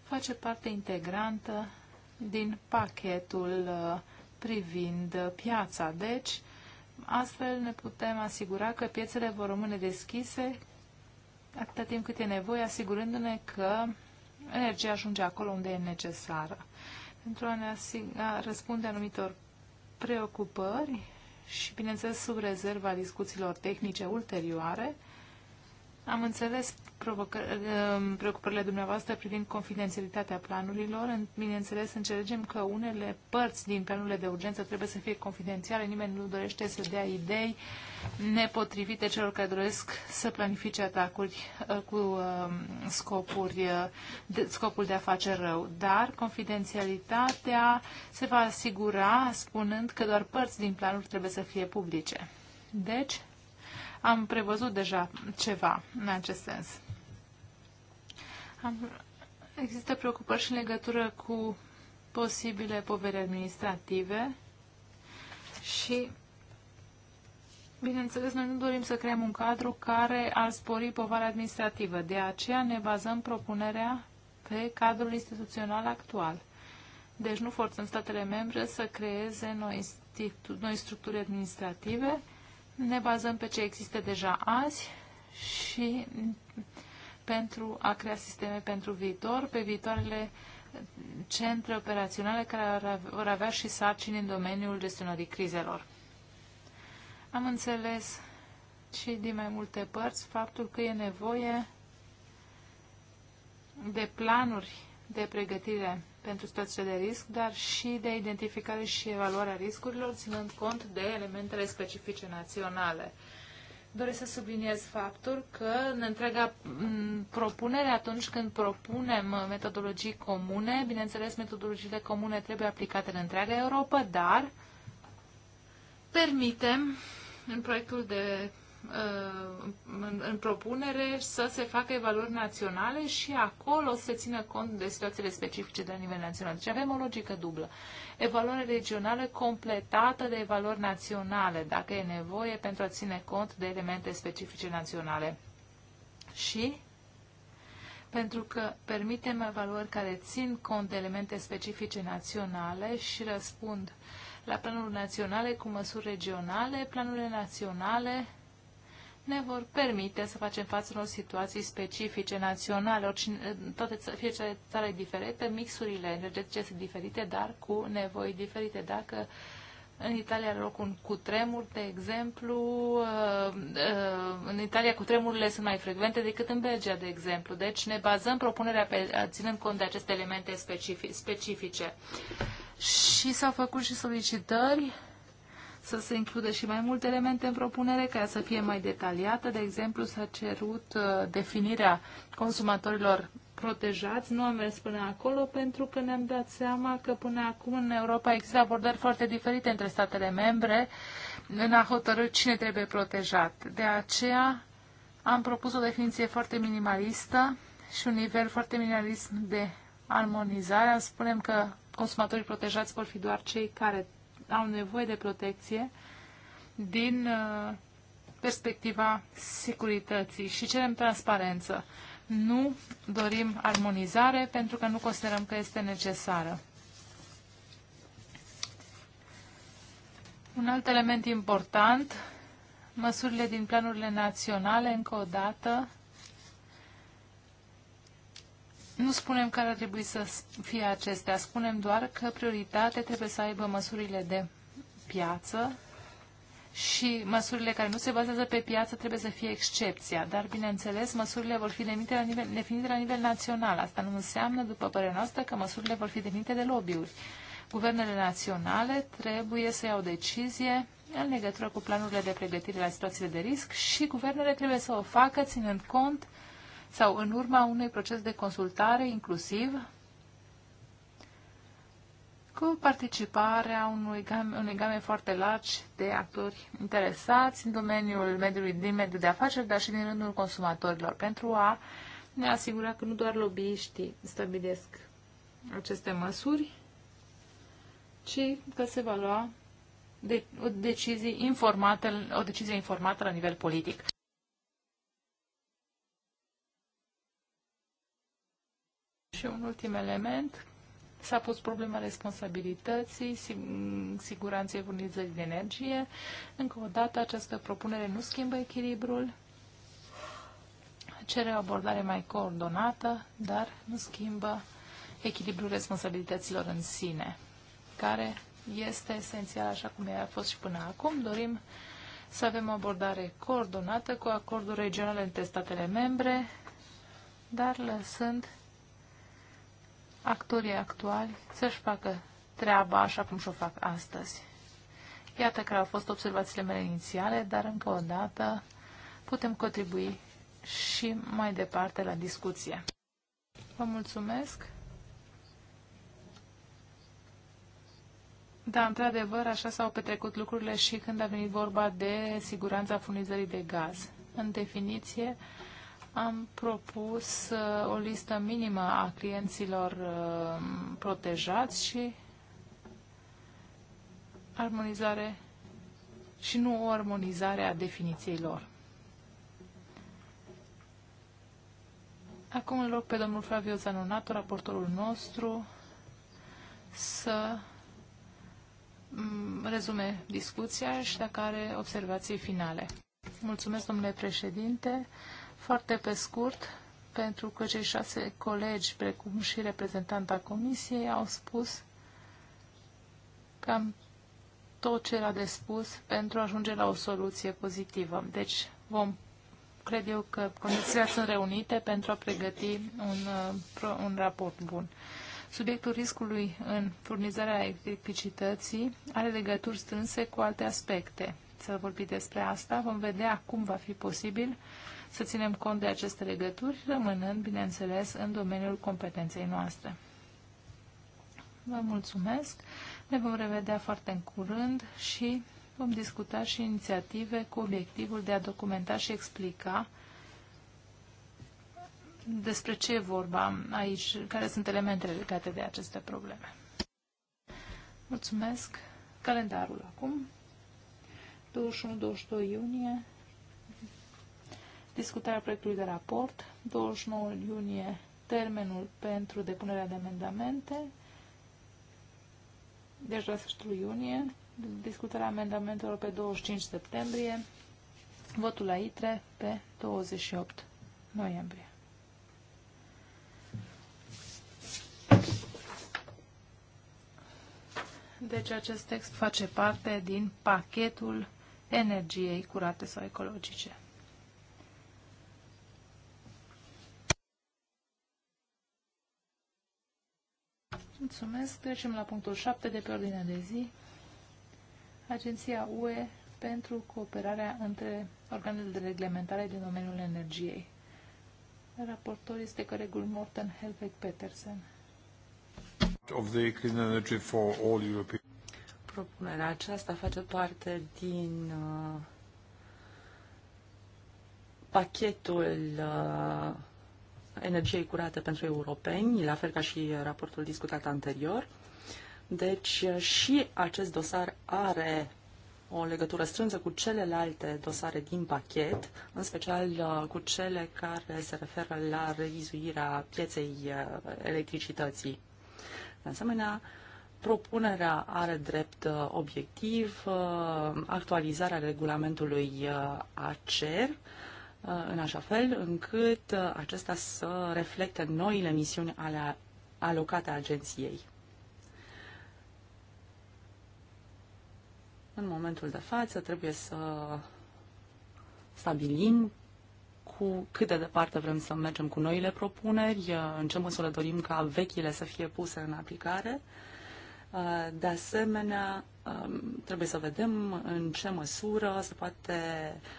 face parte integrantă din pachetul uh, privind piața. Deci, astfel ne putem asigura că piețele vor rămâne deschise atâta timp cât e nevoie, asigurându-ne că energia ajunge acolo unde e necesară. Pentru a ne a răspunde anumitor preocupări și, bineînțeles, sub rezerva discuțiilor tehnice ulterioare, am înțeles ehm, preocupările dumneavoastră privind confidențialitatea planurilor. Bineînțeles, înțelegem că unele părți din planurile de urgență trebuie să fie confidențiale. Nimeni nu dorește să dea idei nepotrivite celor care doresc să planifice atacuri eh, cu ehm, scopuri, eh, scopul de a face rău. Dar confidențialitatea se va asigura spunând că doar părți din planuri trebuie să fie publice. Deci, am prevăzut deja ceva în acest sens. Am, există preocupări și în legătură cu posibile poveri administrative și Bineînțeles, noi nu dorim să creăm un cadru care ar spori povara administrativă. De aceea ne bazăm propunerea pe cadrul instituțional actual. Deci nu forțăm statele membre să creeze noi, noi structuri administrative, ne bazăm pe ce există deja azi și pentru a crea sisteme pentru viitor, pe viitoarele centre operaționale care vor avea și sarcini în domeniul gestionării crizelor. Am înțeles și din mai multe părți faptul că e nevoie de planuri de pregătire pentru situațiile de risc, dar și de identificare și evaluarea riscurilor, ținând cont de elementele specifice naționale. Doresc să subliniez faptul că în întreaga propunere, atunci când propunem metodologii comune, bineînțeles, metodologiile comune trebuie aplicate în întreaga Europa, dar permitem în proiectul de Uh, în, propunere să se facă evaluări naționale și acolo să se țină cont de situațiile specifice de la nivel național. Deci avem o logică dublă. Evaluare regională completată de evaluări naționale, dacă e nevoie, pentru a ține cont de elemente specifice naționale. Și pentru că permitem evaluări care țin cont de elemente specifice naționale și răspund la planurile naționale cu măsuri regionale, planurile naționale ne vor permite să facem față unor situații specifice, naționale, oricine, toate fiecare țară e diferită, mixurile energetice sunt diferite, dar cu nevoi diferite. Dacă în Italia are loc un cutremur, de exemplu, uh, uh, în Italia cutremurile sunt mai frecvente decât în Belgia, de exemplu. Deci ne bazăm propunerea pe, ținând cont de aceste elemente specifice. Și s-au făcut și solicitări să se includă și mai multe elemente în propunere care să fie mai detaliată. De exemplu, s-a cerut uh, definirea consumatorilor protejați. Nu am mers până acolo pentru că ne-am dat seama că până acum în Europa există abordări foarte diferite între statele membre în a hotărâ cine trebuie protejat. De aceea am propus o definiție foarte minimalistă și un nivel foarte minimalist de armonizare. Spunem că consumatorii protejați vor fi doar cei care au nevoie de protecție din uh, perspectiva securității și cerem transparență. Nu dorim armonizare pentru că nu considerăm că este necesară. Un alt element important, măsurile din planurile naționale, încă o dată, nu spunem care ar trebui să fie acestea, spunem doar că prioritate trebuie să aibă măsurile de piață și măsurile care nu se bazează pe piață trebuie să fie excepția. Dar, bineînțeles, măsurile vor fi definite la nivel, definite la nivel național. Asta nu înseamnă, după părerea noastră, că măsurile vor fi definite de lobby-uri. Guvernele naționale trebuie să iau decizie în legătură cu planurile de pregătire la situațiile de risc și guvernele trebuie să o facă ținând cont sau în urma unui proces de consultare inclusiv cu participarea unui game, unui game foarte largi de actori interesați în domeniul mediului, din mediul de afaceri, dar și din rândul consumatorilor, pentru a ne asigura că nu doar lobbyiștii stabilesc aceste măsuri, ci că se va lua de, o, decizie informată, o decizie informată la nivel politic. Și un ultim element, s-a pus problema responsabilității, siguranței furnizării de energie. Încă o dată, această propunere nu schimbă echilibrul, cere o abordare mai coordonată, dar nu schimbă echilibrul responsabilităților în sine, care este esențial așa cum a fost și până acum. Dorim să avem o abordare coordonată cu acorduri regionale între statele membre, dar lăsând actorii actuali să-și facă treaba așa cum și-o fac astăzi. Iată care au fost observațiile mele inițiale, dar încă o dată putem contribui și mai departe la discuție. Vă mulțumesc! Da, într-adevăr, așa s-au petrecut lucrurile și când a venit vorba de siguranța furnizării de gaz. În definiție, am propus uh, o listă minimă a clienților uh, protejați și armonizare și nu o armonizare a definiției lor. Acum îl rog pe domnul Flavio Zanonato, raportorul nostru, să mm, rezume discuția și dacă are observații finale. Mulțumesc, domnule președinte. Foarte pe scurt, pentru că cei șase colegi, precum și reprezentanta comisiei, au spus cam tot ce era de spus pentru a ajunge la o soluție pozitivă. Deci vom, cred eu că condițiile sunt reunite pentru a pregăti un, uh, un raport bun. Subiectul riscului în furnizarea electricității are legături strânse cu alte aspecte. Să vorbim despre asta, vom vedea cum va fi posibil să ținem cont de aceste legături, rămânând, bineînțeles, în domeniul competenței noastre. Vă mulțumesc, ne vom revedea foarte în curând și vom discuta și inițiative cu obiectivul de a documenta și explica despre ce e vorba aici, care sunt elementele legate de aceste probleme. Mulțumesc. Calendarul acum. 21-22 iunie discutarea proiectului de raport, 29 iunie termenul pentru depunerea de amendamente, deci la sfârșitul iunie, discutarea amendamentelor pe 25 septembrie, votul la ITRE pe 28 noiembrie. Deci acest text face parte din pachetul energiei curate sau ecologice. Mulțumesc. Trecem la punctul 7 de pe ordinea de zi. Agenția UE pentru cooperarea între organele de reglementare din domeniul energiei. Raportor este colegul Morten Helveg Petersen. Of the clean energy for all European. Propunerea aceasta face parte din uh, pachetul uh, energiei curate pentru europeni, la fel ca și raportul discutat anterior. Deci și acest dosar are o legătură strânsă cu celelalte dosare din pachet, în special uh, cu cele care se referă la revizuirea pieței uh, electricității. De asemenea, propunerea are drept uh, obiectiv actualizarea regulamentului ACER, Uh, în așa fel încât uh, acesta să reflecte noile misiuni ale alocate agenției. În momentul de față trebuie să stabilim cu cât de departe vrem să mergem cu noile propuneri, uh, în ce măsură dorim ca vechile să fie puse în aplicare. De asemenea, Um, trebuie să vedem în ce măsură se poate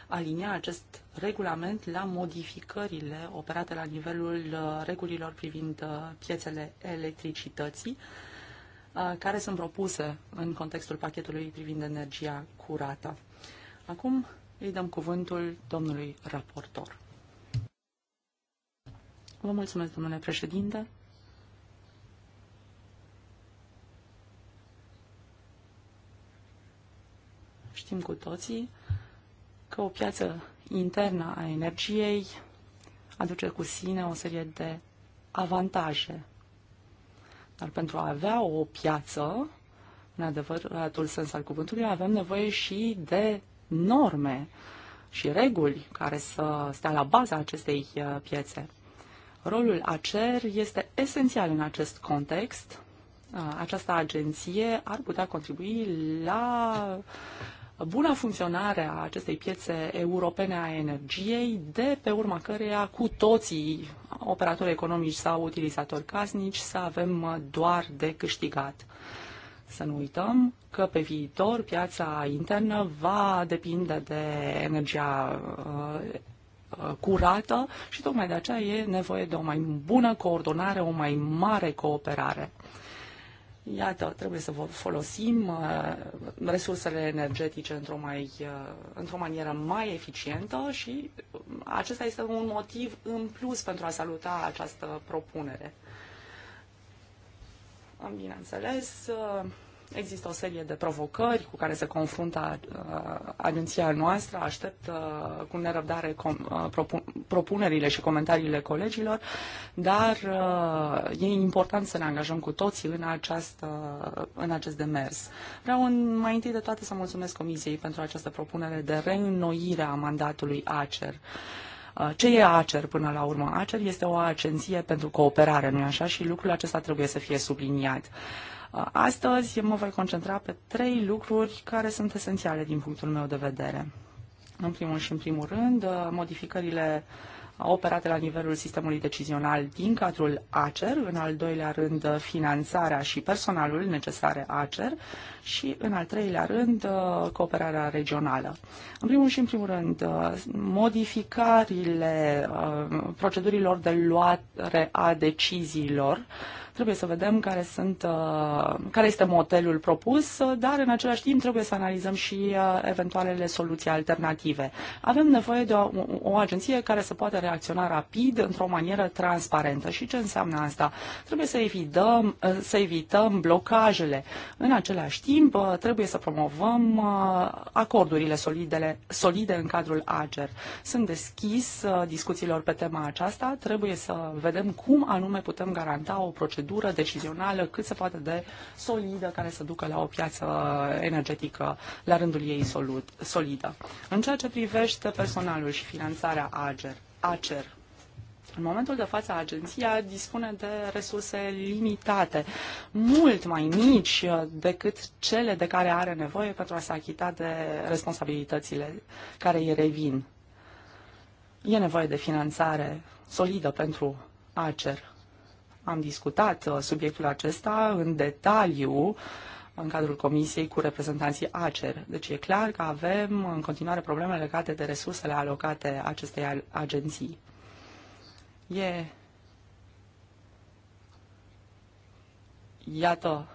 alinia acest regulament la modificările operate la nivelul uh, regulilor privind uh, piețele electricității, uh, care sunt propuse în contextul pachetului privind energia curată. Acum îi dăm cuvântul domnului raportor. Vă mulțumesc, domnule președinte. știm cu toții că o piață internă a energiei aduce cu sine o serie de avantaje. Dar pentru a avea o piață, în adevăratul sens al cuvântului, avem nevoie și de norme și reguli care să stea la baza acestei uh, piețe. Rolul ACER este esențial în acest context. Uh, această agenție ar putea contribui la buna funcționare a acestei piețe europene a energiei, de pe urma căreia cu toții, operatori economici sau utilizatori casnici, să avem doar de câștigat. Să nu uităm că pe viitor piața internă va depinde de energia uh, uh, curată și tocmai de aceea e nevoie de o mai bună coordonare, o mai mare cooperare. Iată, trebuie să folosim uh, resursele energetice într-o, mai, uh, într-o manieră mai eficientă și uh, acesta este un motiv în plus pentru a saluta această propunere. Am bineînțeles, Există o serie de provocări cu care se confruntă uh, agenția noastră. Aștept uh, cu nerăbdare uh, propunerile și comentariile colegilor, dar e important să ne angajăm cu toții în, această, în acest demers. Vreau mai întâi de toate să mulțumesc Comisiei pentru această propunere de reînnoire a mandatului ACER. Ce e ACER până la urmă? ACER este o agenție pentru cooperare, nu-i așa? Și lucrul acesta trebuie să fie subliniat. Uh, Uh, astăzi mă voi concentra pe trei lucruri care sunt esențiale din punctul meu de vedere. În primul și în primul rând, uh, modificările operate la nivelul sistemului decizional din cadrul ACER, în al doilea rând uh, finanțarea și personalul necesare ACER și în al treilea rând cooperarea regională. În primul și în primul rând, modificările procedurilor de luare a deciziilor Trebuie să vedem care, sunt, uh, care este modelul propus, uh, dar în același timp trebuie să analizăm și uh, eventualele soluții alternative. Avem nevoie de o, o agenție care să poată reacționa rapid, într-o manieră transparentă. Și ce înseamnă asta? Trebuie să evităm, să evităm blocajele. În același timp, trebuie să promovăm acordurile solidele, solide în cadrul AGER. Sunt deschis discuțiilor pe tema aceasta. Trebuie să vedem cum anume putem garanta o procedură procedură decizională cât se poate de solidă care să ducă la o piață energetică la rândul ei solid, solidă. În ceea ce privește personalul și finanțarea AGER, ACER, în momentul de față, agenția dispune de resurse limitate, mult mai mici decât cele de care are nevoie pentru a se achita de responsabilitățile care îi revin. E nevoie de finanțare solidă pentru ACER. Am discutat uh, subiectul acesta în detaliu în cadrul comisiei cu reprezentanții ACER. Deci e clar că avem în continuare probleme legate de resursele alocate acestei agenții. E... Iată,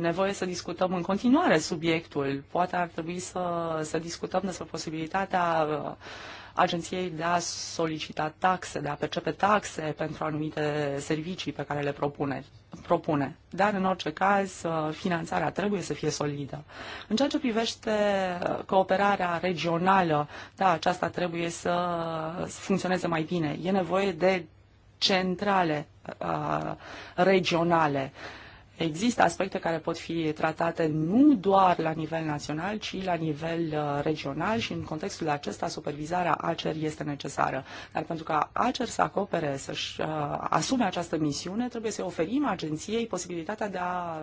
nevoie să discutăm în continuare subiectul. Poate ar trebui să, să discutăm despre posibilitatea uh, agenției de a solicita taxe, de a percepe taxe pentru anumite servicii pe care le propune. propune. Dar, în orice caz, uh, finanțarea trebuie să fie solidă. În ceea ce privește uh, cooperarea regională, da, aceasta trebuie să funcționeze mai bine. E nevoie de centrale uh, regionale. Există aspecte care pot fi tratate nu doar la nivel național, ci la nivel uh, regional și în contextul acesta supervizarea ACER este necesară. Dar pentru ca ACER să acopere, să-și uh, asume această misiune, trebuie să oferim agenției posibilitatea de a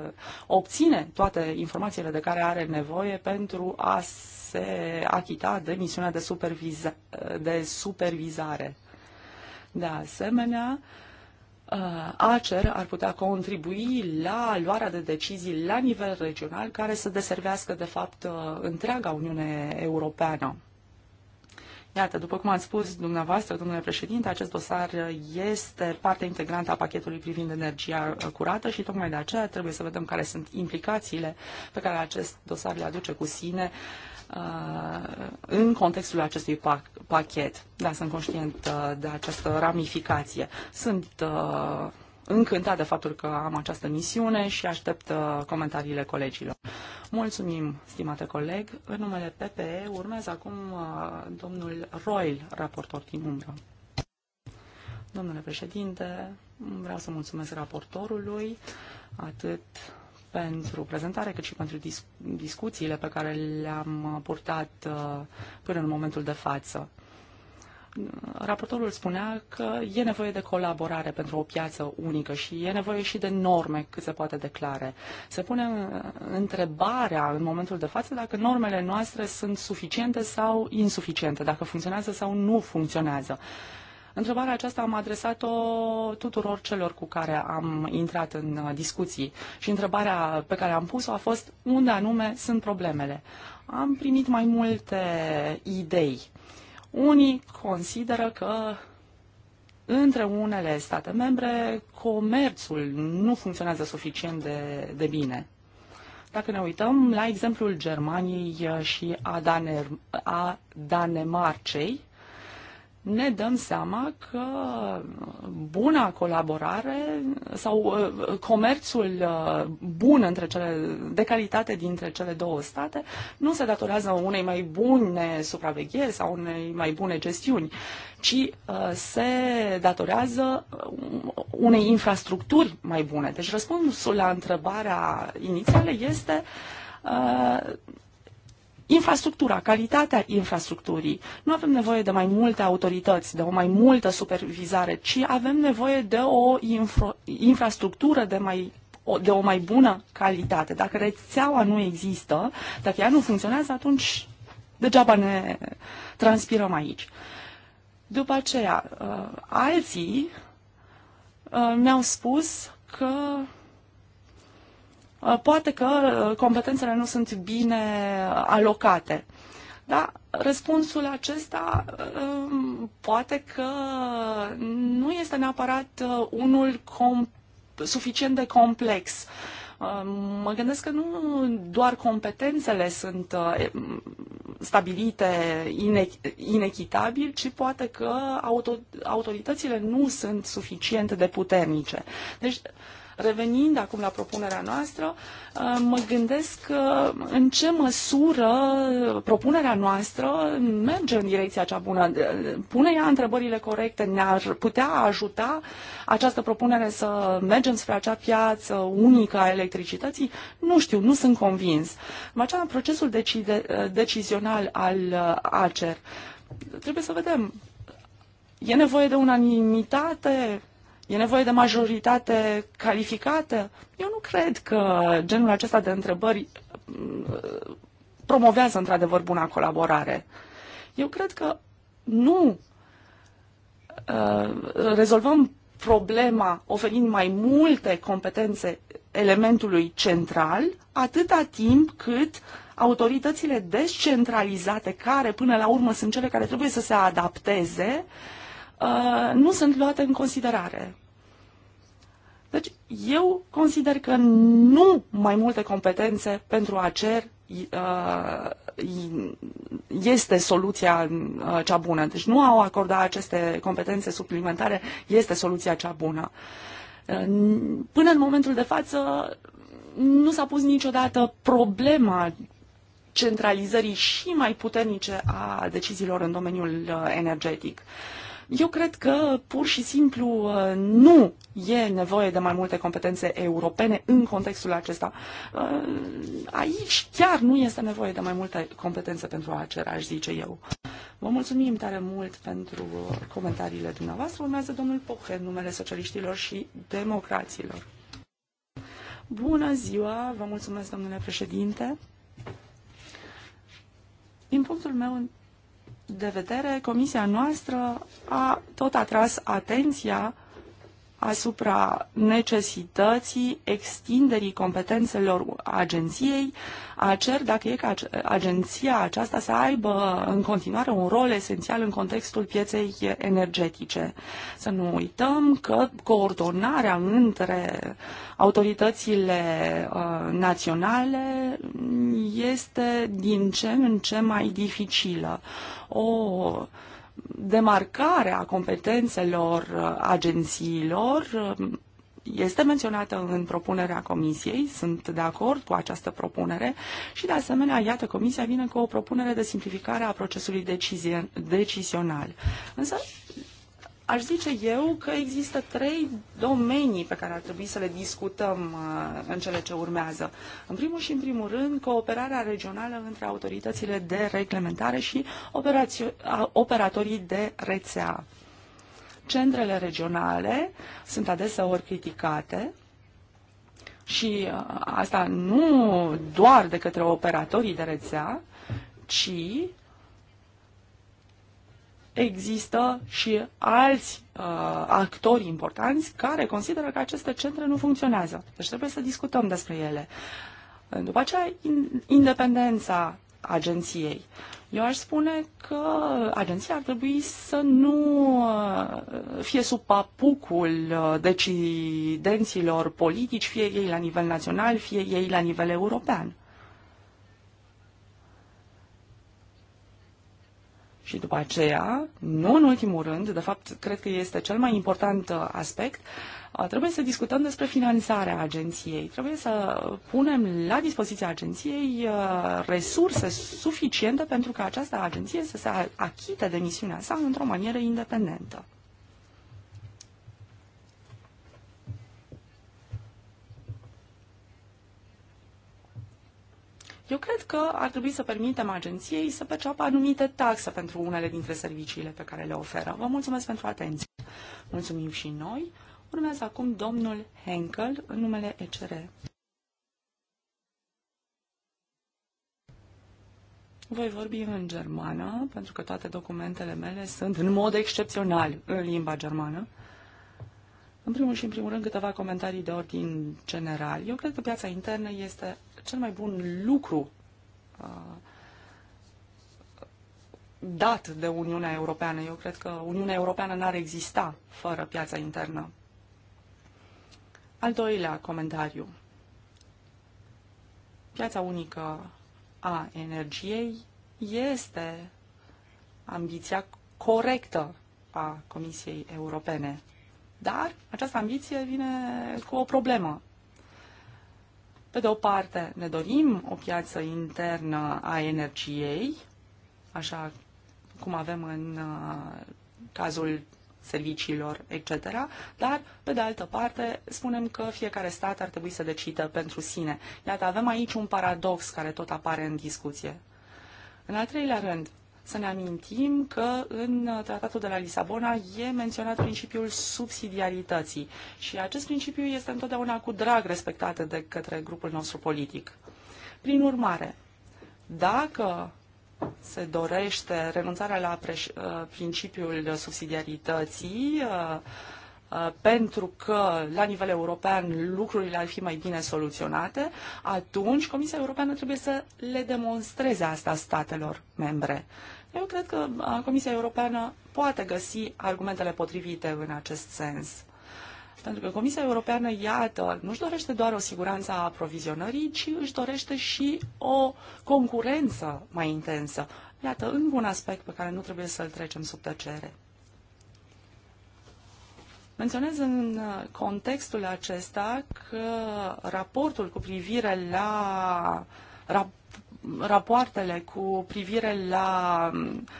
obține toate informațiile de care are nevoie pentru a se achita de misiunea de, superviza- de supervizare. De asemenea, uh, Uh, ACER ar putea contribui la luarea de decizii la nivel regional care să deservească, de fapt, uh, întreaga Uniune Europeană. Iată, după cum ați spus dumneavoastră, domnule președinte, acest dosar este parte integrantă a pachetului privind energia uh, curată și tocmai de aceea trebuie să vedem care sunt implicațiile pe care acest dosar le aduce cu sine uh, Uh, în contextul acestui pachet. Da, sunt conștient uh, de această ramificație. Sunt uh, încântat de faptul că am această misiune și aștept comentariile colegilor. Mulțumim, stimate coleg. În numele PPE urmează acum domnul Roil, raportor din umbră. Domnule președinte, vreau să mulțumesc raportorului, atât pentru prezentare, cât și pentru dis- discuțiile pe care le-am purtat uh, până în momentul de față. Raportorul spunea că e nevoie de colaborare pentru o piață unică și e nevoie și de norme cât se poate declare. Se pune uh, întrebarea în momentul de față dacă normele noastre sunt suficiente sau insuficiente, dacă funcționează sau nu funcționează. Întrebarea aceasta am adresat-o tuturor celor cu care am intrat în uh, discuții și întrebarea pe care am pus-o a fost unde anume sunt problemele. Am primit mai multe idei. Unii consideră că între unele state membre comerțul nu funcționează suficient de, de bine. Dacă ne uităm la exemplul Germaniei uh, și a, Daner- a Danemarcei, ne dăm seama că buna colaborare sau uh, comerțul uh, bun între cele, de calitate dintre cele două state nu se datorează unei mai bune supravegheri sau unei mai bune gestiuni, ci uh, se datorează unei infrastructuri mai bune. Deci răspunsul la întrebarea inițială este infrastructura, calitatea infrastructurii. Nu avem nevoie de mai multe autorități, de o mai multă supervizare, ci avem nevoie de o infra- infrastructură de mai de o mai bună calitate. Dacă rețeaua nu există, dacă ea nu funcționează, atunci degeaba ne transpirăm aici. După aceea, uh, alții uh, mi-au spus că Uh, poate că uh, competențele nu sunt bine alocate. Da, răspunsul acesta uh, poate că nu este neapărat unul suficient de complex. Mă gândesc că nu doar competențele sunt stabilite inechitabil, ci poate că auto, autoritățile nu sunt suficient de puternice. Deci Revenind acum la propunerea noastră, uh, mă gândesc uh, în ce măsură propunerea noastră merge în direcția cea bună. Pune ea întrebările corecte, ne-ar putea ajuta această propunere să mergem spre acea piață unică a electricității? Nu știu, nu sunt convins. În procesul decide, uh, decizional al ACER, trebuie să vedem. E nevoie de unanimitate E nevoie de majoritate calificată? Eu nu cred că genul acesta de întrebări mm, promovează într-adevăr buna colaborare. Eu cred că nu uh, rezolvăm problema oferind mai multe competențe elementului central, atâta timp cât autoritățile descentralizate, care până la urmă sunt cele care trebuie să se adapteze, uh, Uh, nu sunt luate în considerare. Deci, eu consider că nu mai multe competențe pentru a cer uh, este soluția uh, cea bună. Deci nu au acorda aceste competențe suplimentare este soluția cea bună. Până în momentul de față nu s-a pus niciodată problema centralizării și mai puternice a deciziilor în domeniul energetic. Uh, eu cred că pur și simplu uh, nu e nevoie de mai multe competențe europene în contextul acesta. Uh, aici chiar nu este nevoie de mai multe competențe pentru a cere, aș zice eu. Vă mulțumim tare mult pentru uh, comentariile dumneavoastră. Urmează domnul Pohen, numele socialiștilor și democraților. Bună ziua, vă mulțumesc, domnule președinte. Din punctul meu de vedere, comisia noastră a tot atras atenția asupra necesității extinderii competențelor agenției, a cer dacă e ca agenția aceasta să aibă în continuare un rol esențial în contextul pieței energetice. Să nu uităm că coordonarea între autoritățile uh, naționale este din ce în ce mai dificilă. O demarcarea competențelor uh, agențiilor uh, este menționată în propunerea comisiei, sunt de acord cu această propunere și de asemenea, iată, comisia vine cu o propunere de simplificare a procesului decizional. Însă Aș zice eu că există trei domenii pe care ar trebui să le discutăm uh, în cele ce urmează. În primul și în primul rând, cooperarea regională între autoritățile de reglementare și operatorii de rețea. Centrele regionale sunt adeseori criticate, și uh, asta nu doar de către operatorii de rețea, ci există și alți uh, actori importanți care consideră că aceste centre nu funcționează. Deci trebuie să discutăm despre ele. După aceea, in, independența agenției. Eu aș spune că agenția ar trebui să nu uh, fie sub papucul uh, decidenților politici, fie ei la nivel național, fie ei la nivel european. Și după aceea, nu în ultimul rând, de fapt, cred că este cel mai important uh, aspect, uh, trebuie să discutăm despre finanțarea agenției. Trebuie să punem la dispoziția agenției uh, resurse suficiente pentru ca această agenție să se achite de misiunea sa într-o manieră independentă. Eu cred că ar trebui să permitem agenției să perceapă anumite taxe pentru unele dintre serviciile pe care le oferă. Vă mulțumesc pentru atenție. Mulțumim și noi. Urmează acum domnul Henkel în numele ECR. Voi vorbi în germană, pentru că toate documentele mele sunt în mod excepțional în limba germană. În primul și în primul rând câteva comentarii de ordin general. Eu cred că piața internă este cel mai bun lucru uh, dat de Uniunea Europeană. Eu cred că Uniunea Europeană n-ar exista fără piața internă. Al doilea comentariu. Piața unică a energiei este ambiția corectă a Comisiei Europene. Dar această ambiție vine cu o problemă. Pe de o parte, ne dorim o piață internă a energiei, așa cum avem în uh, cazul serviciilor, etc. Dar, pe de altă parte, spunem că fiecare stat ar trebui să decidă pentru sine. Iată, avem aici un paradox care tot apare în discuție. În al treilea rând, să ne amintim că în Tratatul de la Lisabona e menționat principiul subsidiarității și acest principiu este întotdeauna cu drag respectat de către grupul nostru politic. Prin urmare, dacă se dorește renunțarea la uh, principiul subsidiarității, uh, uh, pentru că la nivel european lucrurile ar fi mai bine soluționate, atunci Comisia Europeană trebuie să le demonstreze asta statelor membre. Eu cred că Comisia Europeană poate găsi argumentele potrivite în acest sens. Pentru că Comisia Europeană, iată, nu-și dorește doar o siguranță a aprovizionării, ci își dorește și o concurență mai intensă. Iată, în un aspect pe care nu trebuie să-l trecem sub tăcere. Menționez în uh, contextul acesta că raportul cu privire la rapoartele cu privire la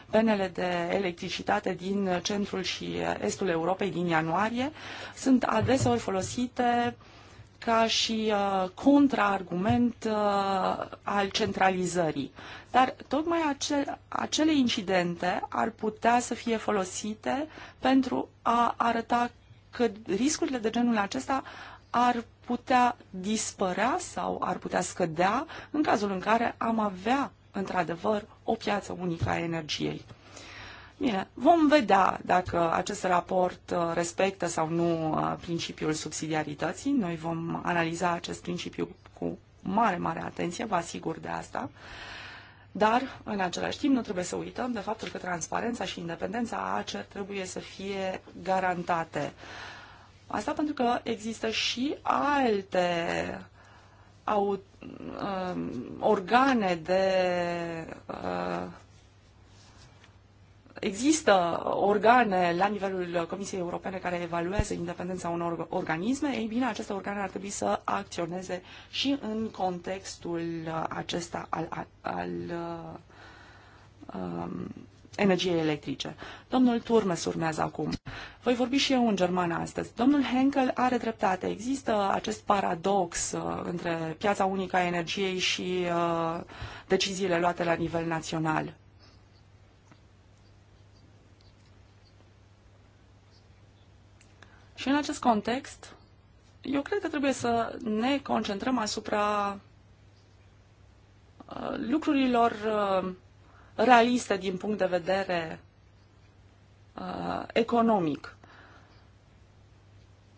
penele de electricitate din centrul și estul Europei din ianuarie sunt adeseori folosite ca și uh, contraargument uh, al centralizării. Dar tocmai ace- acele incidente ar putea să fie folosite pentru a arăta că riscurile de genul acesta ar putea dispărea sau ar putea scădea în cazul în care am avea, într-adevăr, o piață unică a energiei. Bine, vom vedea dacă acest raport uh, respectă sau nu uh, principiul subsidiarității. Noi vom analiza acest principiu cu mare, mare atenție, vă asigur de asta. Dar, în același timp, nu trebuie să uităm de faptul că transparența și independența ACER trebuie să fie garantate. Uh, Asta pentru că există și alte au, uh, organe de. Uh, există organe la nivelul Comisiei Europene care evaluează independența unor organisme, ei bine, aceste organe ar trebui să acționeze și în contextul acesta al, al uh, um, energiei electrice. Domnul Turmes urmează acum. Voi vorbi și eu în germană astăzi. Domnul Henkel are dreptate. Există acest paradox uh, între piața unică a energiei și uh, deciziile luate la nivel național. Și în acest context, eu cred că trebuie să ne concentrăm asupra uh, lucrurilor uh, realistă din punct de vedere uh, economic.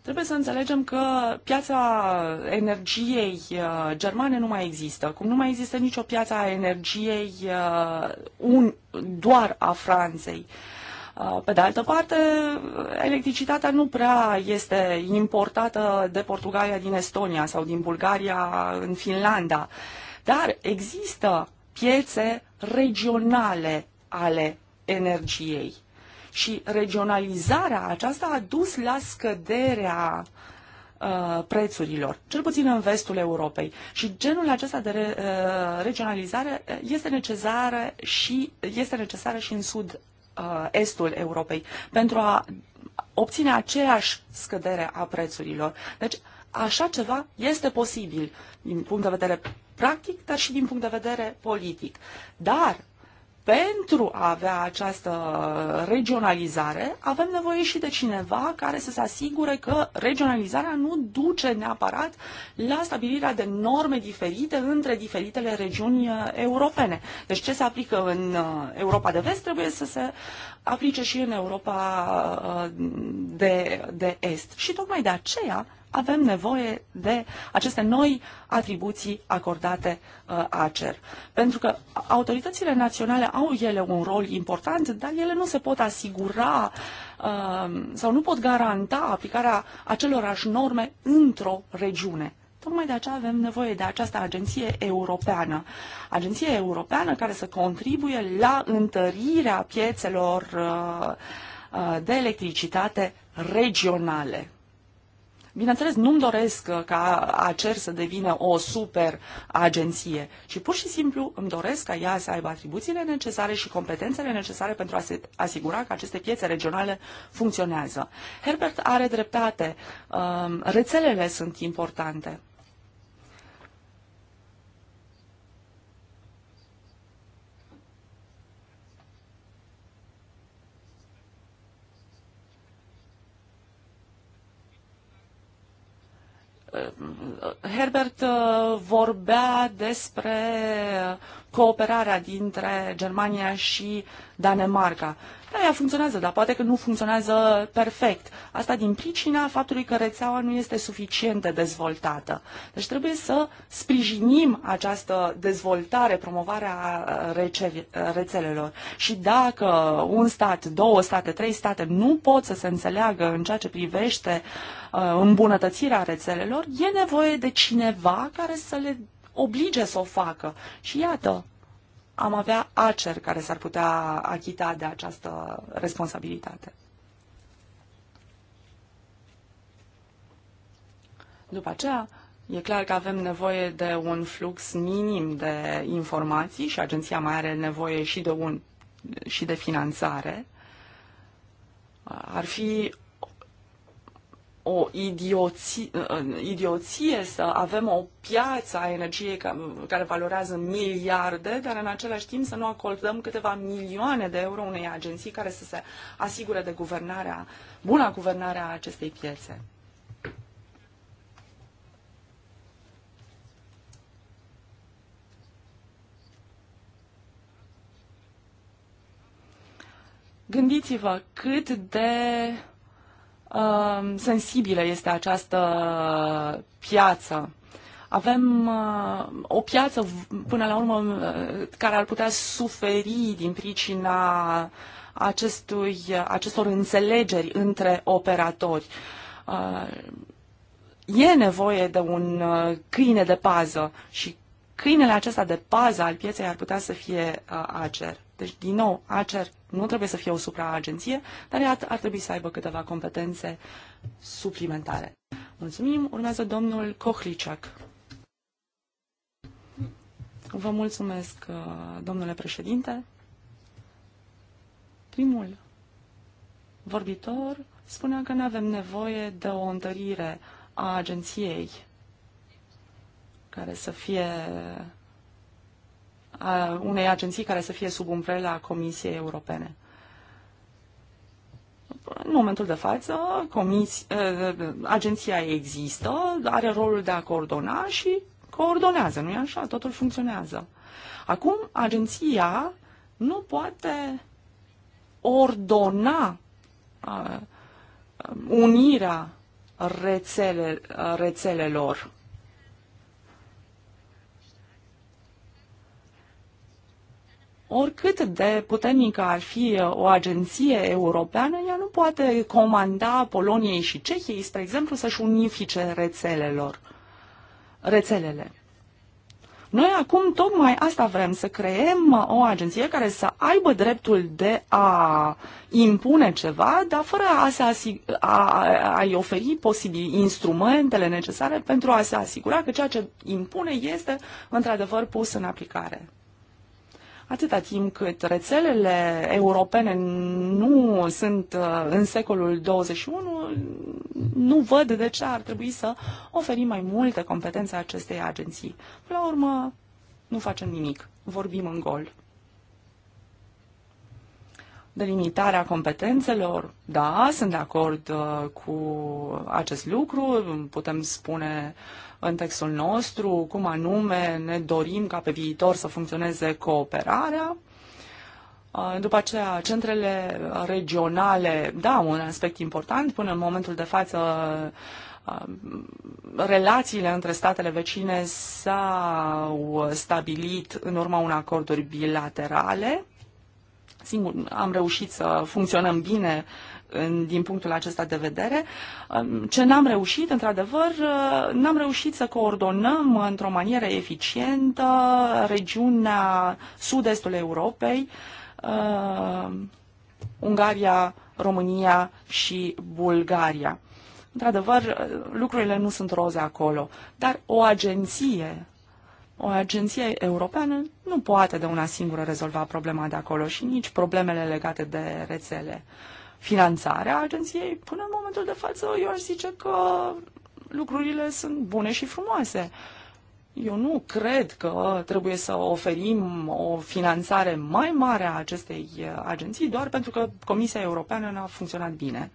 Trebuie să înțelegem că piața energiei uh, germane nu mai există, cum nu mai există nicio piață a energiei uh, un, doar a Franței. Uh, pe de altă parte, electricitatea nu prea este importată de Portugalia din Estonia sau din Bulgaria în Finlanda, dar există piețe regionale ale energiei. Și regionalizarea aceasta a dus la scăderea uh, prețurilor, cel puțin în vestul Europei. Și genul acesta de re, uh, regionalizare este necesară și este necesară și în sud uh, estul Europei pentru a obține aceeași scădere a prețurilor. Deci, așa ceva este posibil din punct de vedere practic, dar și din punct de vedere politic. Dar pentru a avea această regionalizare, avem nevoie și de cineva care să se asigure că regionalizarea nu duce neapărat la stabilirea de norme diferite între diferitele regiuni uh, europene. Deci ce se aplică în uh, Europa de vest trebuie să se aplice și în Europa uh, de, de est. Și tocmai de aceea avem nevoie de aceste noi atribuții acordate uh, ACER. Pentru că autoritățile naționale au ele un rol important, dar ele nu se pot asigura uh, sau nu pot garanta aplicarea acelorași norme într-o regiune. Tocmai de aceea avem nevoie de această agenție europeană. Agenție europeană care să contribuie la întărirea piețelor uh, uh de electricitate regionale. Bineînțeles, nu-mi doresc ca ACER să devină o super agenție, ci pur și simplu îmi doresc ca ea să aibă atribuțiile necesare și competențele necesare pentru a se asigura că aceste piețe regionale funcționează. Herbert are dreptate, um, rețelele sunt importante. Herbert uh, vorbea despre cooperarea dintre Germania și Danemarca. Da, ea funcționează, dar poate că nu funcționează perfect. Asta din pricina faptului că rețeaua nu este suficient de dezvoltată. Deci trebuie să sprijinim această dezvoltare, promovarea rețelelor. Și dacă un stat, două state, trei state nu pot să se înțeleagă în ceea ce privește uh, îmbunătățirea rețelelor, e nevoie de cineva care să le oblige să o facă. Și iată, am avea acer care s-ar putea achita de această responsabilitate. După aceea, e clar că avem nevoie de un flux minim de informații și agenția mai are nevoie și de, un, și de finanțare. Ar fi o idioție, idioție să avem o piață a energiei care valorează miliarde, dar în același timp să nu acordăm câteva milioane de euro unei agenții care să se asigure de guvernarea, buna guvernarea acestei piețe. Gândiți-vă cât de Um, sensibilă este această piață. Avem uh, o piață, până la urmă, uh, care ar putea suferi din pricina acestui, acestor înțelegeri între operatori. Uh, e nevoie de un uh, câine de pază și câinele acesta de pază al pieței ar putea să fie uh, Acer. Deci, din nou, ACER nu trebuie să fie o supraagenție, dar ea ar trebui să aibă câteva competențe suplimentare. Mulțumim. Urmează domnul Kohliciak. Vă mulțumesc, uh, domnule președinte. Primul vorbitor spunea că nu avem nevoie de o întărire a agenției care să fie a unei agenții care să fie sub umbrela Comisiei Europene. În momentul de față, comis, ă, agenția există, are rolul de a coordona și coordonează, nu-i așa? Totul funcționează. Acum, agenția nu poate ordona ă, unirea rețele, rețelelor. Oricât de puternică ar fi uh, o agenție europeană, ea nu poate comanda Poloniei și Cehiei, spre exemplu, să-și unifice rețelelor, rețelele. Noi acum tocmai asta vrem, să creăm uh, o agenție care să aibă dreptul de a impune ceva, dar fără a se asig- a, a-i oferi posibil instrumentele necesare pentru a se asigura că ceea ce impune este într-adevăr pus în aplicare. Atâta timp cât rețelele europene nu sunt uh, în secolul 21, nu văd de ce ar trebui să oferim mai multe competențe acestei agenții. Până la urmă, nu facem nimic, vorbim în gol delimitarea competențelor, da, sunt de acord uh, cu acest lucru, putem spune în textul nostru cum anume ne dorim ca pe viitor să funcționeze cooperarea. Uh, după aceea, centrele regionale, da, un aspect important, până în momentul de față uh, relațiile între statele vecine s-au stabilit în urma unor acorduri bilaterale singur am reușit să funcționăm bine în, din punctul acesta de vedere. Ce n-am reușit, într-adevăr, uh, n-am reușit să coordonăm într-o manieră eficientă regiunea sud-estul Europei, uh, Ungaria, România și Bulgaria. Într-adevăr, uh, lucrurile nu sunt roze acolo, dar o agenție o agenție europeană nu poate de una singură rezolva problema de acolo și nici problemele legate de rețele. Finanțarea agenției, până în momentul de față, eu aș zice că lucrurile sunt bune și frumoase. Eu nu cred că trebuie să oferim o finanțare mai mare a acestei agenții doar pentru că Comisia Europeană n-a funcționat bine.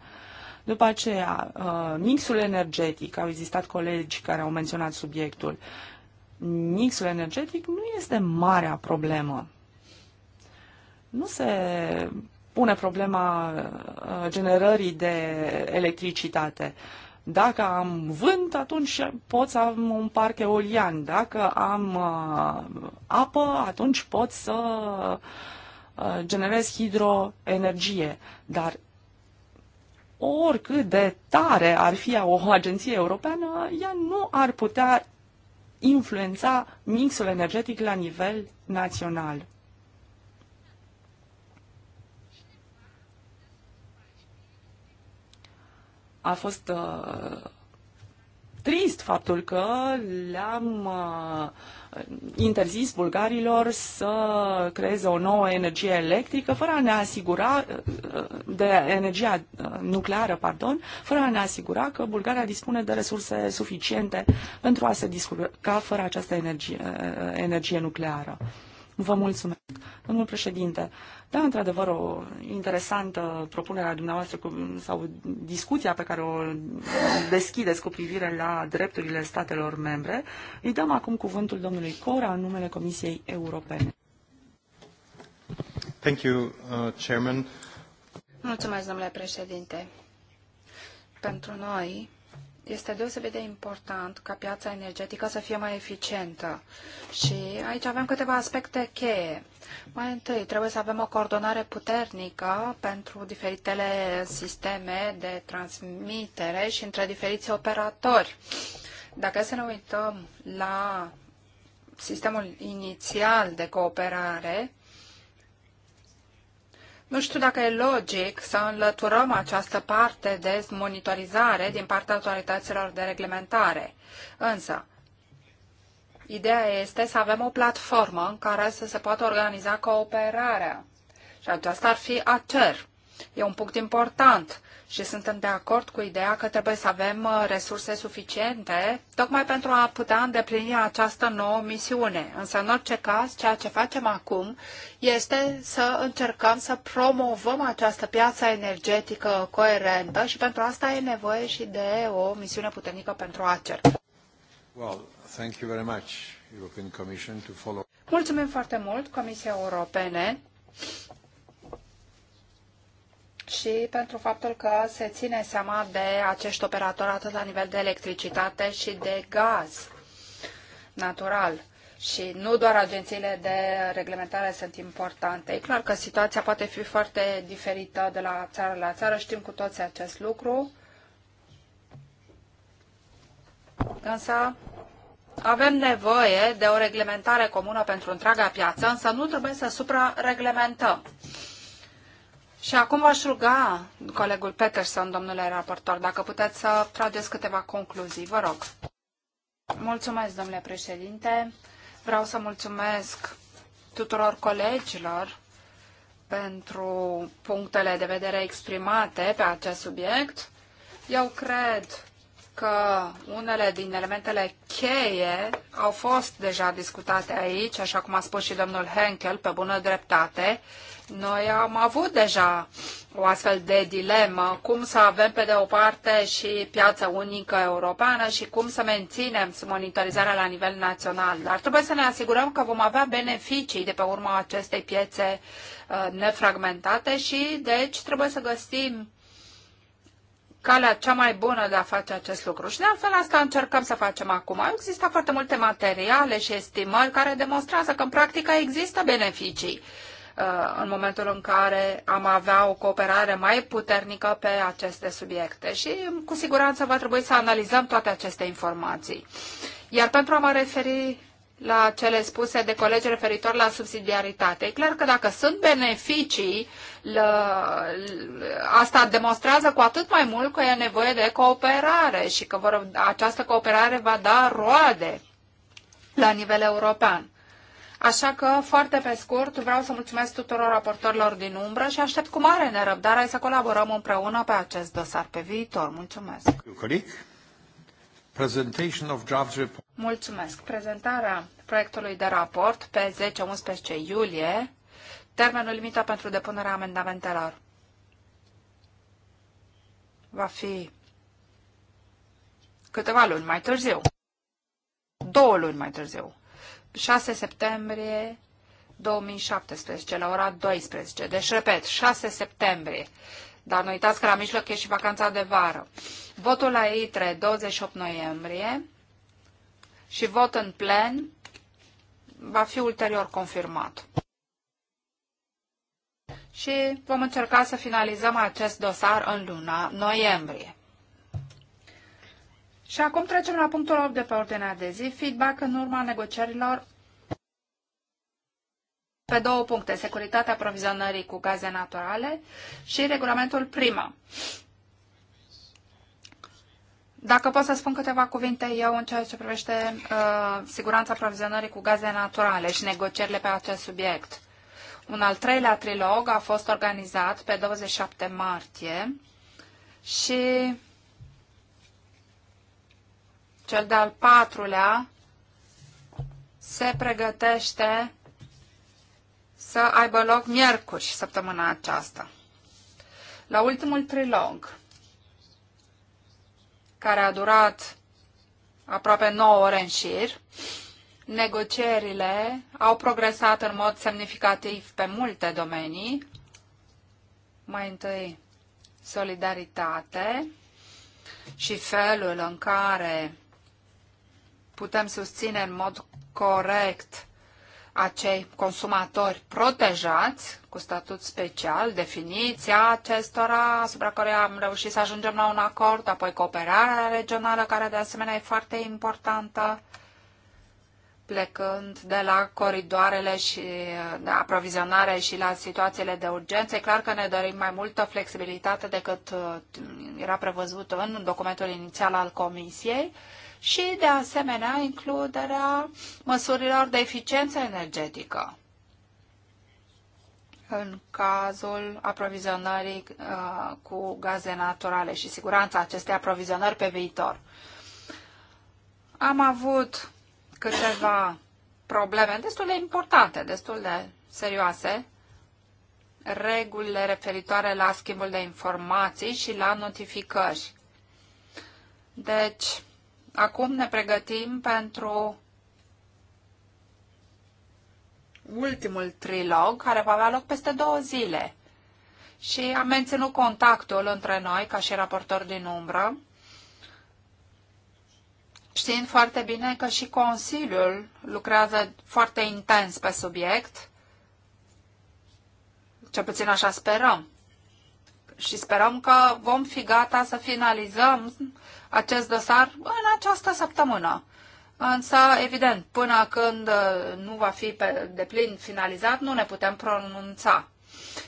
După aceea, uh, mixul energetic, au existat colegi care au menționat subiectul mixul energetic nu este marea problemă. Nu se pune problema uh, generării de electricitate. Dacă am vânt, atunci pot să am un parc eolian. Dacă am uh, apă, atunci pot să uh, generez hidroenergie. Dar oricât de tare ar fi o agenție europeană, ea nu ar putea influența mixul energetic la nivel național. A fost uh, trist faptul că le-am uh, interzis bulgarilor să creeze o nouă energie electrică fără a ne asigura eh, de energia eh, nucleară, pardon, fără a ne asigura că Bulgaria dispune de resurse suficiente pentru a se descurca fără această energie, eh, energie nucleară. Vă mulțumesc. Domnul președinte, da, într-adevăr, o interesantă propunere a dumneavoastră cu, sau discuția pe care o deschideți cu privire la drepturile statelor membre. Îi dăm acum cuvântul domnului Cora în numele Comisiei Europene. Thank you, uh, Chairman. Mulțumesc, domnule președinte. Pentru noi, este deosebit de important ca piața energetică să fie mai eficientă. Și aici avem câteva aspecte cheie. Mai întâi, trebuie să avem o coordonare puternică pentru diferitele sisteme de transmitere și între diferiți operatori. Dacă să ne uităm la sistemul inițial de cooperare, nu știu dacă e logic să înlăturăm această parte de monitorizare din partea autorităților de reglementare. Însă, ideea este să avem o platformă în care să se poată organiza cooperarea. Și aceasta ar fi ACER. E un punct important și suntem de acord cu ideea că trebuie să avem uh, resurse suficiente tocmai pentru a putea îndeplini această nouă misiune. Însă, în orice caz, ceea ce facem acum este să încercăm să promovăm această piață energetică coerentă și pentru asta e nevoie și de o misiune puternică pentru ACER. Well, thank you very much, European Commission, to follow. Mulțumim foarte mult Comisiei Europene și pentru faptul că se ține seama de acești operatori atât la nivel de electricitate și de gaz natural. Și nu doar agențiile de reglementare sunt importante. E clar că situația poate fi foarte diferită de la țară la țară, știm cu toții acest lucru. Însă avem nevoie de o reglementare comună pentru întreaga piață, însă nu trebuie să suprareglementăm. reglementăm și acum aș ruga, colegul Peterson, domnule raportor, dacă puteți să trageți câteva concluzii, vă rog. Mulțumesc, domnule președinte. Vreau să mulțumesc tuturor colegilor pentru punctele de vedere exprimate pe acest subiect. Eu cred că unele din elementele cheie au fost deja discutate aici, așa cum a spus și domnul Henkel, pe bună dreptate, noi am avut deja o astfel de dilemă, cum să avem pe de o parte și piața unică europeană și cum să menținem monitorizarea la nivel național. Dar trebuie să ne asigurăm că vom avea beneficii de pe urma acestei piețe uh, nefragmentate și deci trebuie să găsim calea cea mai bună de a face acest lucru. Și de altfel asta încercăm să facem acum. Au existat foarte multe materiale și estimări care demonstrează că în practică există beneficii Uh, în momentul în care am avea o cooperare mai puternică pe aceste subiecte. Și cu siguranță va trebui să analizăm toate aceste informații. Iar pentru a mă referi la cele spuse de colegi referitor la subsidiaritate. E clar că dacă sunt beneficii, la, asta demonstrează cu atât mai mult că e nevoie de cooperare și că vor, această cooperare va da roade la nivel european. Așa că, foarte pe scurt, vreau să mulțumesc tuturor raportorilor din umbră și aștept cu mare nerăbdare să colaborăm împreună pe acest dosar pe viitor. Mulțumesc! Mulțumesc! Prezentarea proiectului de raport pe 10-11 iulie, termenul limită pentru depunerea amendamentelor va fi câteva luni mai târziu. Două luni mai târziu. 6 septembrie 2017, la ora 12. Deci, repet, 6 septembrie. Dar nu uitați că la mijloc e și vacanța de vară. Votul la ITRE 28 noiembrie și vot în plen va fi ulterior confirmat. Și vom încerca să finalizăm acest dosar în luna noiembrie. Și acum trecem la punctul 8 de pe ordinea de zi, feedback în urma negocierilor pe două puncte, securitatea aprovizionării cu gaze naturale și regulamentul primă. Dacă pot să spun câteva cuvinte eu în ceea ce privește uh, siguranța aprovizionării cu gaze naturale și negocierile pe acest subiect. Un al treilea trilog a fost organizat pe 27 martie și cel de-al patrulea se pregătește să aibă loc miercuri săptămâna aceasta. La ultimul trilog, care a durat aproape 9 ore în șir, negocierile au progresat în mod semnificativ pe multe domenii. Mai întâi, solidaritate și felul în care putem susține în mod corect acei consumatori protejați cu statut special, definiția acestora asupra care am reușit să ajungem la un acord, apoi cooperarea regională care de asemenea e foarte importantă plecând de la coridoarele și de aprovizionare și la situațiile de urgență. E clar că ne dorim mai multă flexibilitate decât uh, era prevăzut în documentul inițial al Comisiei și, de asemenea, includerea măsurilor de eficiență energetică în cazul aprovizionării uh, cu gaze naturale și siguranța acestei aprovizionări pe viitor. Am avut câteva probleme destul de importante, destul de serioase, regulile referitoare la schimbul de informații și la notificări. Deci, Acum ne pregătim pentru ultimul trilog, care va avea loc peste două zile. Și am menținut contactul între noi, ca și raportor din umbră, știind foarte bine că și Consiliul lucrează foarte intens pe subiect, cel puțin așa sperăm. Și sperăm că vom fi gata să finalizăm acest dosar în această săptămână. Însă, evident, până când uh, nu va fi pe deplin finalizat, nu ne putem pronunța.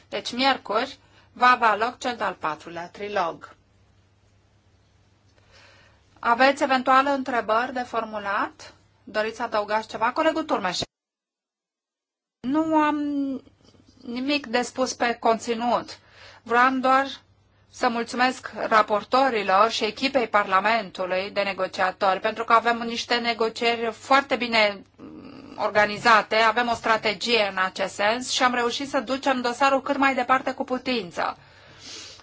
Deci, miercuri va avea loc cel de-al patrulea trilog. Aveți eventuale întrebări de formulat? Doriți să adăugați ceva? Colegul Turmeș. Nu am nimic de spus pe conținut. Vreau doar să mulțumesc raportorilor și echipei Parlamentului de negociatori, pentru că avem niște negocieri foarte bine mm, organizate, avem o strategie în acest sens și am reușit să ducem dosarul cât mai departe cu putință.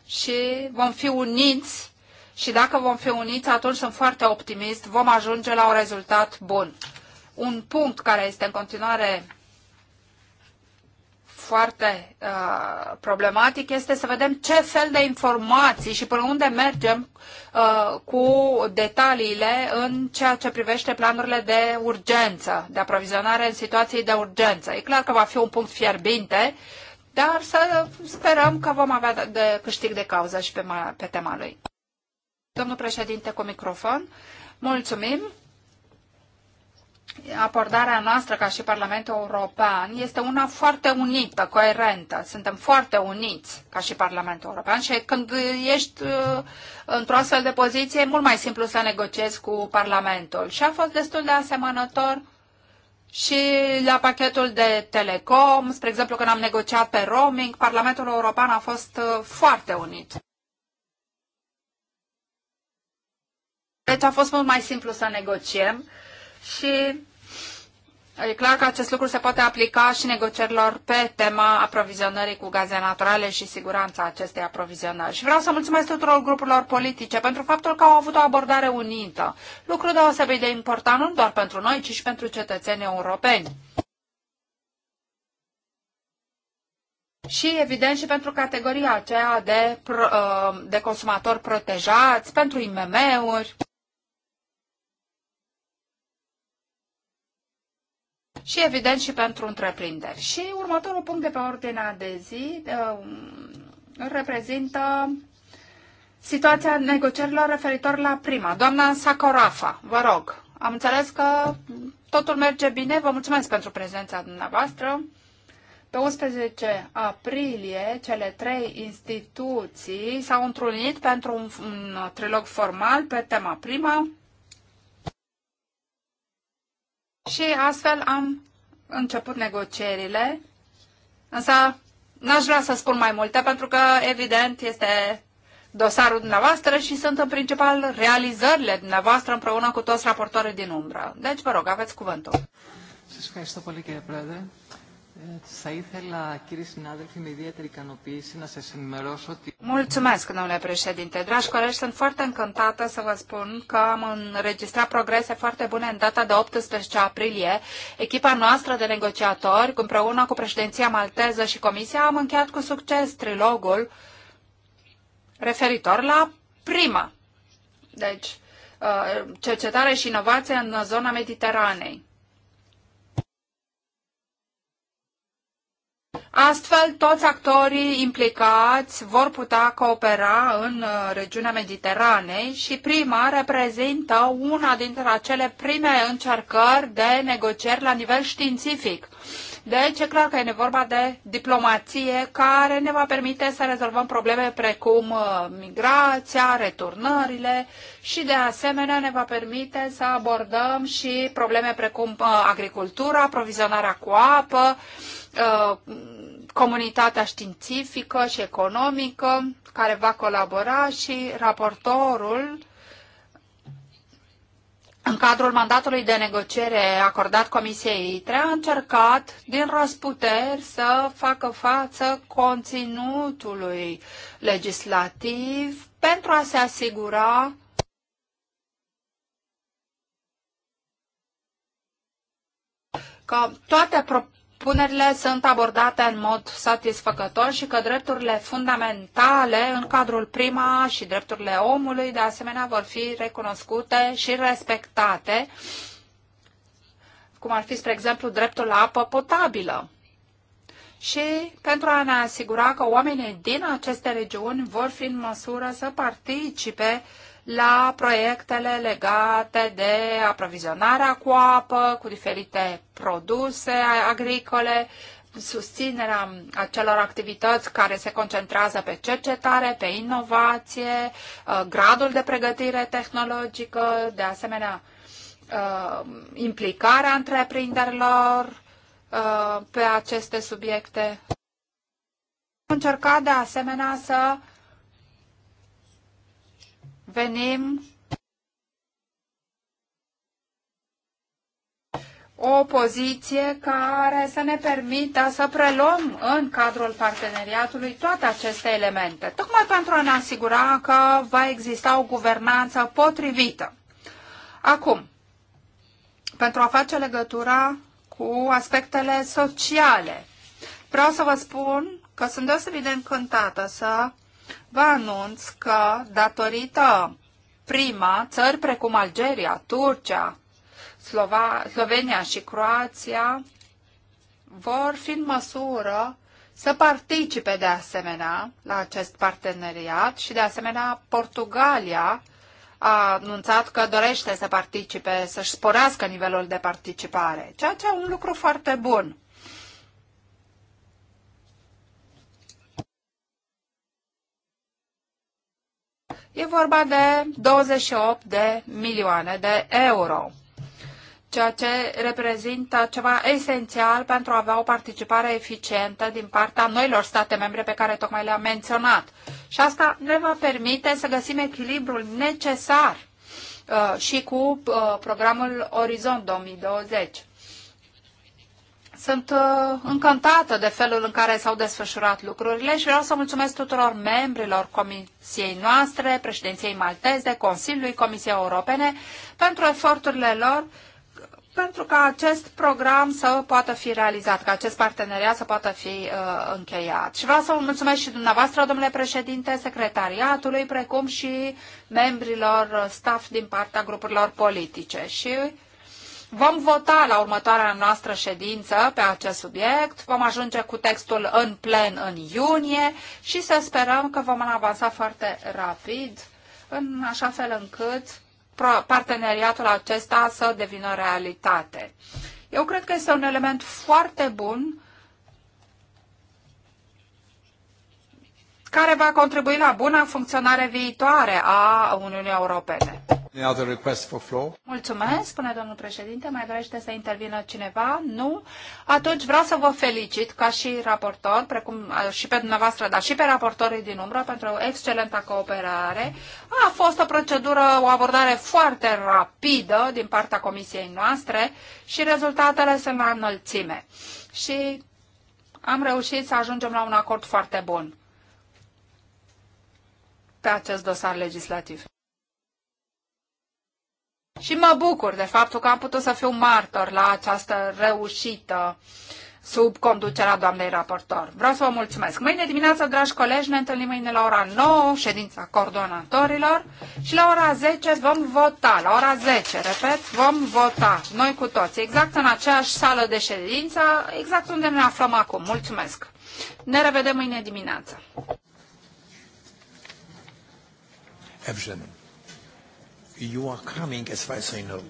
Și vom fi uniți și dacă vom fi uniți, atunci sunt foarte optimist, vom ajunge la un rezultat bun. Un punct care este în continuare foarte uh, problematic este să vedem ce fel de informații și până unde mergem uh, cu detaliile în ceea ce privește planurile de urgență, de aprovizionare în situații de urgență. E clar că va fi un punct fierbinte, dar să sperăm că vom avea de câștig de cauză și pe, pe tema lui. Domnul președinte, cu microfon, mulțumim abordarea noastră ca și Parlamentul European este una foarte unită, coerentă. Suntem foarte uniți ca și Parlamentul European și când ești uh, într-o astfel de poziție, e mult mai simplu să negociezi cu Parlamentul. Și a fost destul de asemănător și la pachetul de telecom, spre exemplu când am negociat pe roaming, Parlamentul European a fost uh, foarte unit. Deci a fost mult mai simplu să negociem și e clar că acest lucru se poate aplica și negocierilor pe tema aprovizionării cu gaze naturale și siguranța acestei aprovizionări. Și vreau să mulțumesc tuturor grupurilor politice pentru faptul că au avut o abordare unită, lucru deosebit de important nu doar pentru noi, ci și pentru cetățenii europeni. Și, evident, și pentru categoria aceea de, uh, de consumatori protejați, pentru IMM-uri. și, evident, și pentru întreprinderi. Și următorul punct de pe ordinea de zi uh, reprezintă situația negocierilor referitor la prima. Doamna Sacorafa, vă rog, am înțeles că totul merge bine. Vă mulțumesc pentru prezența dumneavoastră. Pe 11 aprilie, cele trei instituții s-au întrunit pentru un, un trilog formal pe tema prima și astfel am început negocierile, însă n-aș vrea să spun mai multe pentru că, evident, este dosarul dumneavoastră și sunt în principal realizările dumneavoastră împreună cu toți raportorii din umbră. Deci, vă rog, aveți cuvântul. Să Mulțumesc, domnule președinte. Dragi colegi, sunt foarte încântată să vă spun că am înregistrat progrese foarte bune în data de 18 aprilie. Echipa noastră de negociatori, împreună cu președinția malteză și comisia, am încheiat cu succes trilogul referitor la prima. Deci, uh, cercetare și inovație în zona Mediteranei. Astfel, toți actorii implicați vor putea coopera în uh, regiunea Mediteranei și prima reprezintă una dintre acele prime încercări de negocieri la nivel științific. Deci e clar că e vorba de diplomație care ne va permite să rezolvăm probleme precum uh, migrația, returnările și de asemenea ne va permite să abordăm și probleme precum uh, agricultura, aprovizionarea cu apă, comunitatea științifică și economică care va colabora și raportorul în cadrul mandatului de negociere acordat Comisiei ITRE a încercat din răsputeri să facă față conținutului legislativ pentru a se asigura că toate propunerile propunerile sunt abordate în mod satisfăcător și că drepturile fundamentale în cadrul prima și drepturile omului de asemenea vor fi recunoscute și respectate, cum ar fi, spre exemplu, dreptul la apă potabilă. Și pentru a ne asigura că oamenii din aceste regiuni vor fi în măsură să participe uh, la proiectele legate de aprovizionarea cu apă, cu diferite produse agricole, susținerea acelor activități care se concentrează pe cercetare, pe inovație, uh, gradul de pregătire tehnologică, de asemenea uh, implicarea întreprinderilor uh, pe aceste subiecte. Am încercat de asemenea să venim o poziție care să ne permită să preluăm în cadrul parteneriatului toate aceste elemente, tocmai pentru a ne asigura că va exista o guvernanță potrivită. Acum, pentru a face legătura cu aspectele sociale, vreau să vă spun că sunt deosebit de încântată să Vă anunț că, datorită prima, țări precum Algeria, Turcia, Slova, Slovenia și Croația vor fi în măsură să participe de asemenea la acest parteneriat și de asemenea Portugalia a anunțat că dorește să participe, să-și sporească nivelul de participare, ceea ce e un lucru foarte bun. E vorba de 28 de milioane de euro, ceea ce reprezintă ceva esențial pentru a avea o participare eficientă din partea noilor state membre pe care tocmai le-am menționat. Și asta ne va permite să găsim echilibrul necesar uh, și cu uh, programul Orizont 2020. Sunt uh, încântată de felul în care s-au desfășurat lucrurile și vreau să mulțumesc tuturor membrilor Comisiei noastre, președinției malteze, Consiliului Comisiei Europene, pentru eforturile lor pentru ca acest program să poată fi realizat, ca acest parteneriat să poată fi uh, încheiat. Și vreau să vă mulțumesc și dumneavoastră, domnule președinte, secretariatului, precum și membrilor uh, staff din partea grupurilor politice. Și Vom vota la următoarea noastră ședință pe acest subiect, vom ajunge cu textul în plen în iunie și să sperăm că vom avansa foarte rapid, în așa fel încât parteneriatul acesta să devină realitate. Eu cred că este un element foarte bun care va contribui la buna funcționare viitoare a Uniunii Europene. Any other request for floor? Mulțumesc, spune domnul președinte. Mai dorește să intervină cineva? Nu? Atunci vreau să vă felicit ca și raportor, precum și pe dumneavoastră, dar și pe raportorii din umbră, pentru excelentă cooperare. A fost o procedură, o abordare foarte rapidă din partea comisiei noastre și rezultatele sunt la înălțime. Și am reușit să ajungem la un acord foarte bun pe acest dosar legislativ. Și mă bucur de faptul că am putut să fiu martor la această reușită sub conducerea doamnei raportor. Vreau să vă mulțumesc. Mâine dimineață, dragi colegi, ne întâlnim mâine la ora 9, ședința coordonatorilor, și la ora 10 vom vota. La ora 10, repet, vom vota. Noi cu toți, exact în aceeași sală de ședință, exact unde ne aflăm acum. Mulțumesc! Ne revedem mâine dimineață. Evgenin you are coming, as far as I know.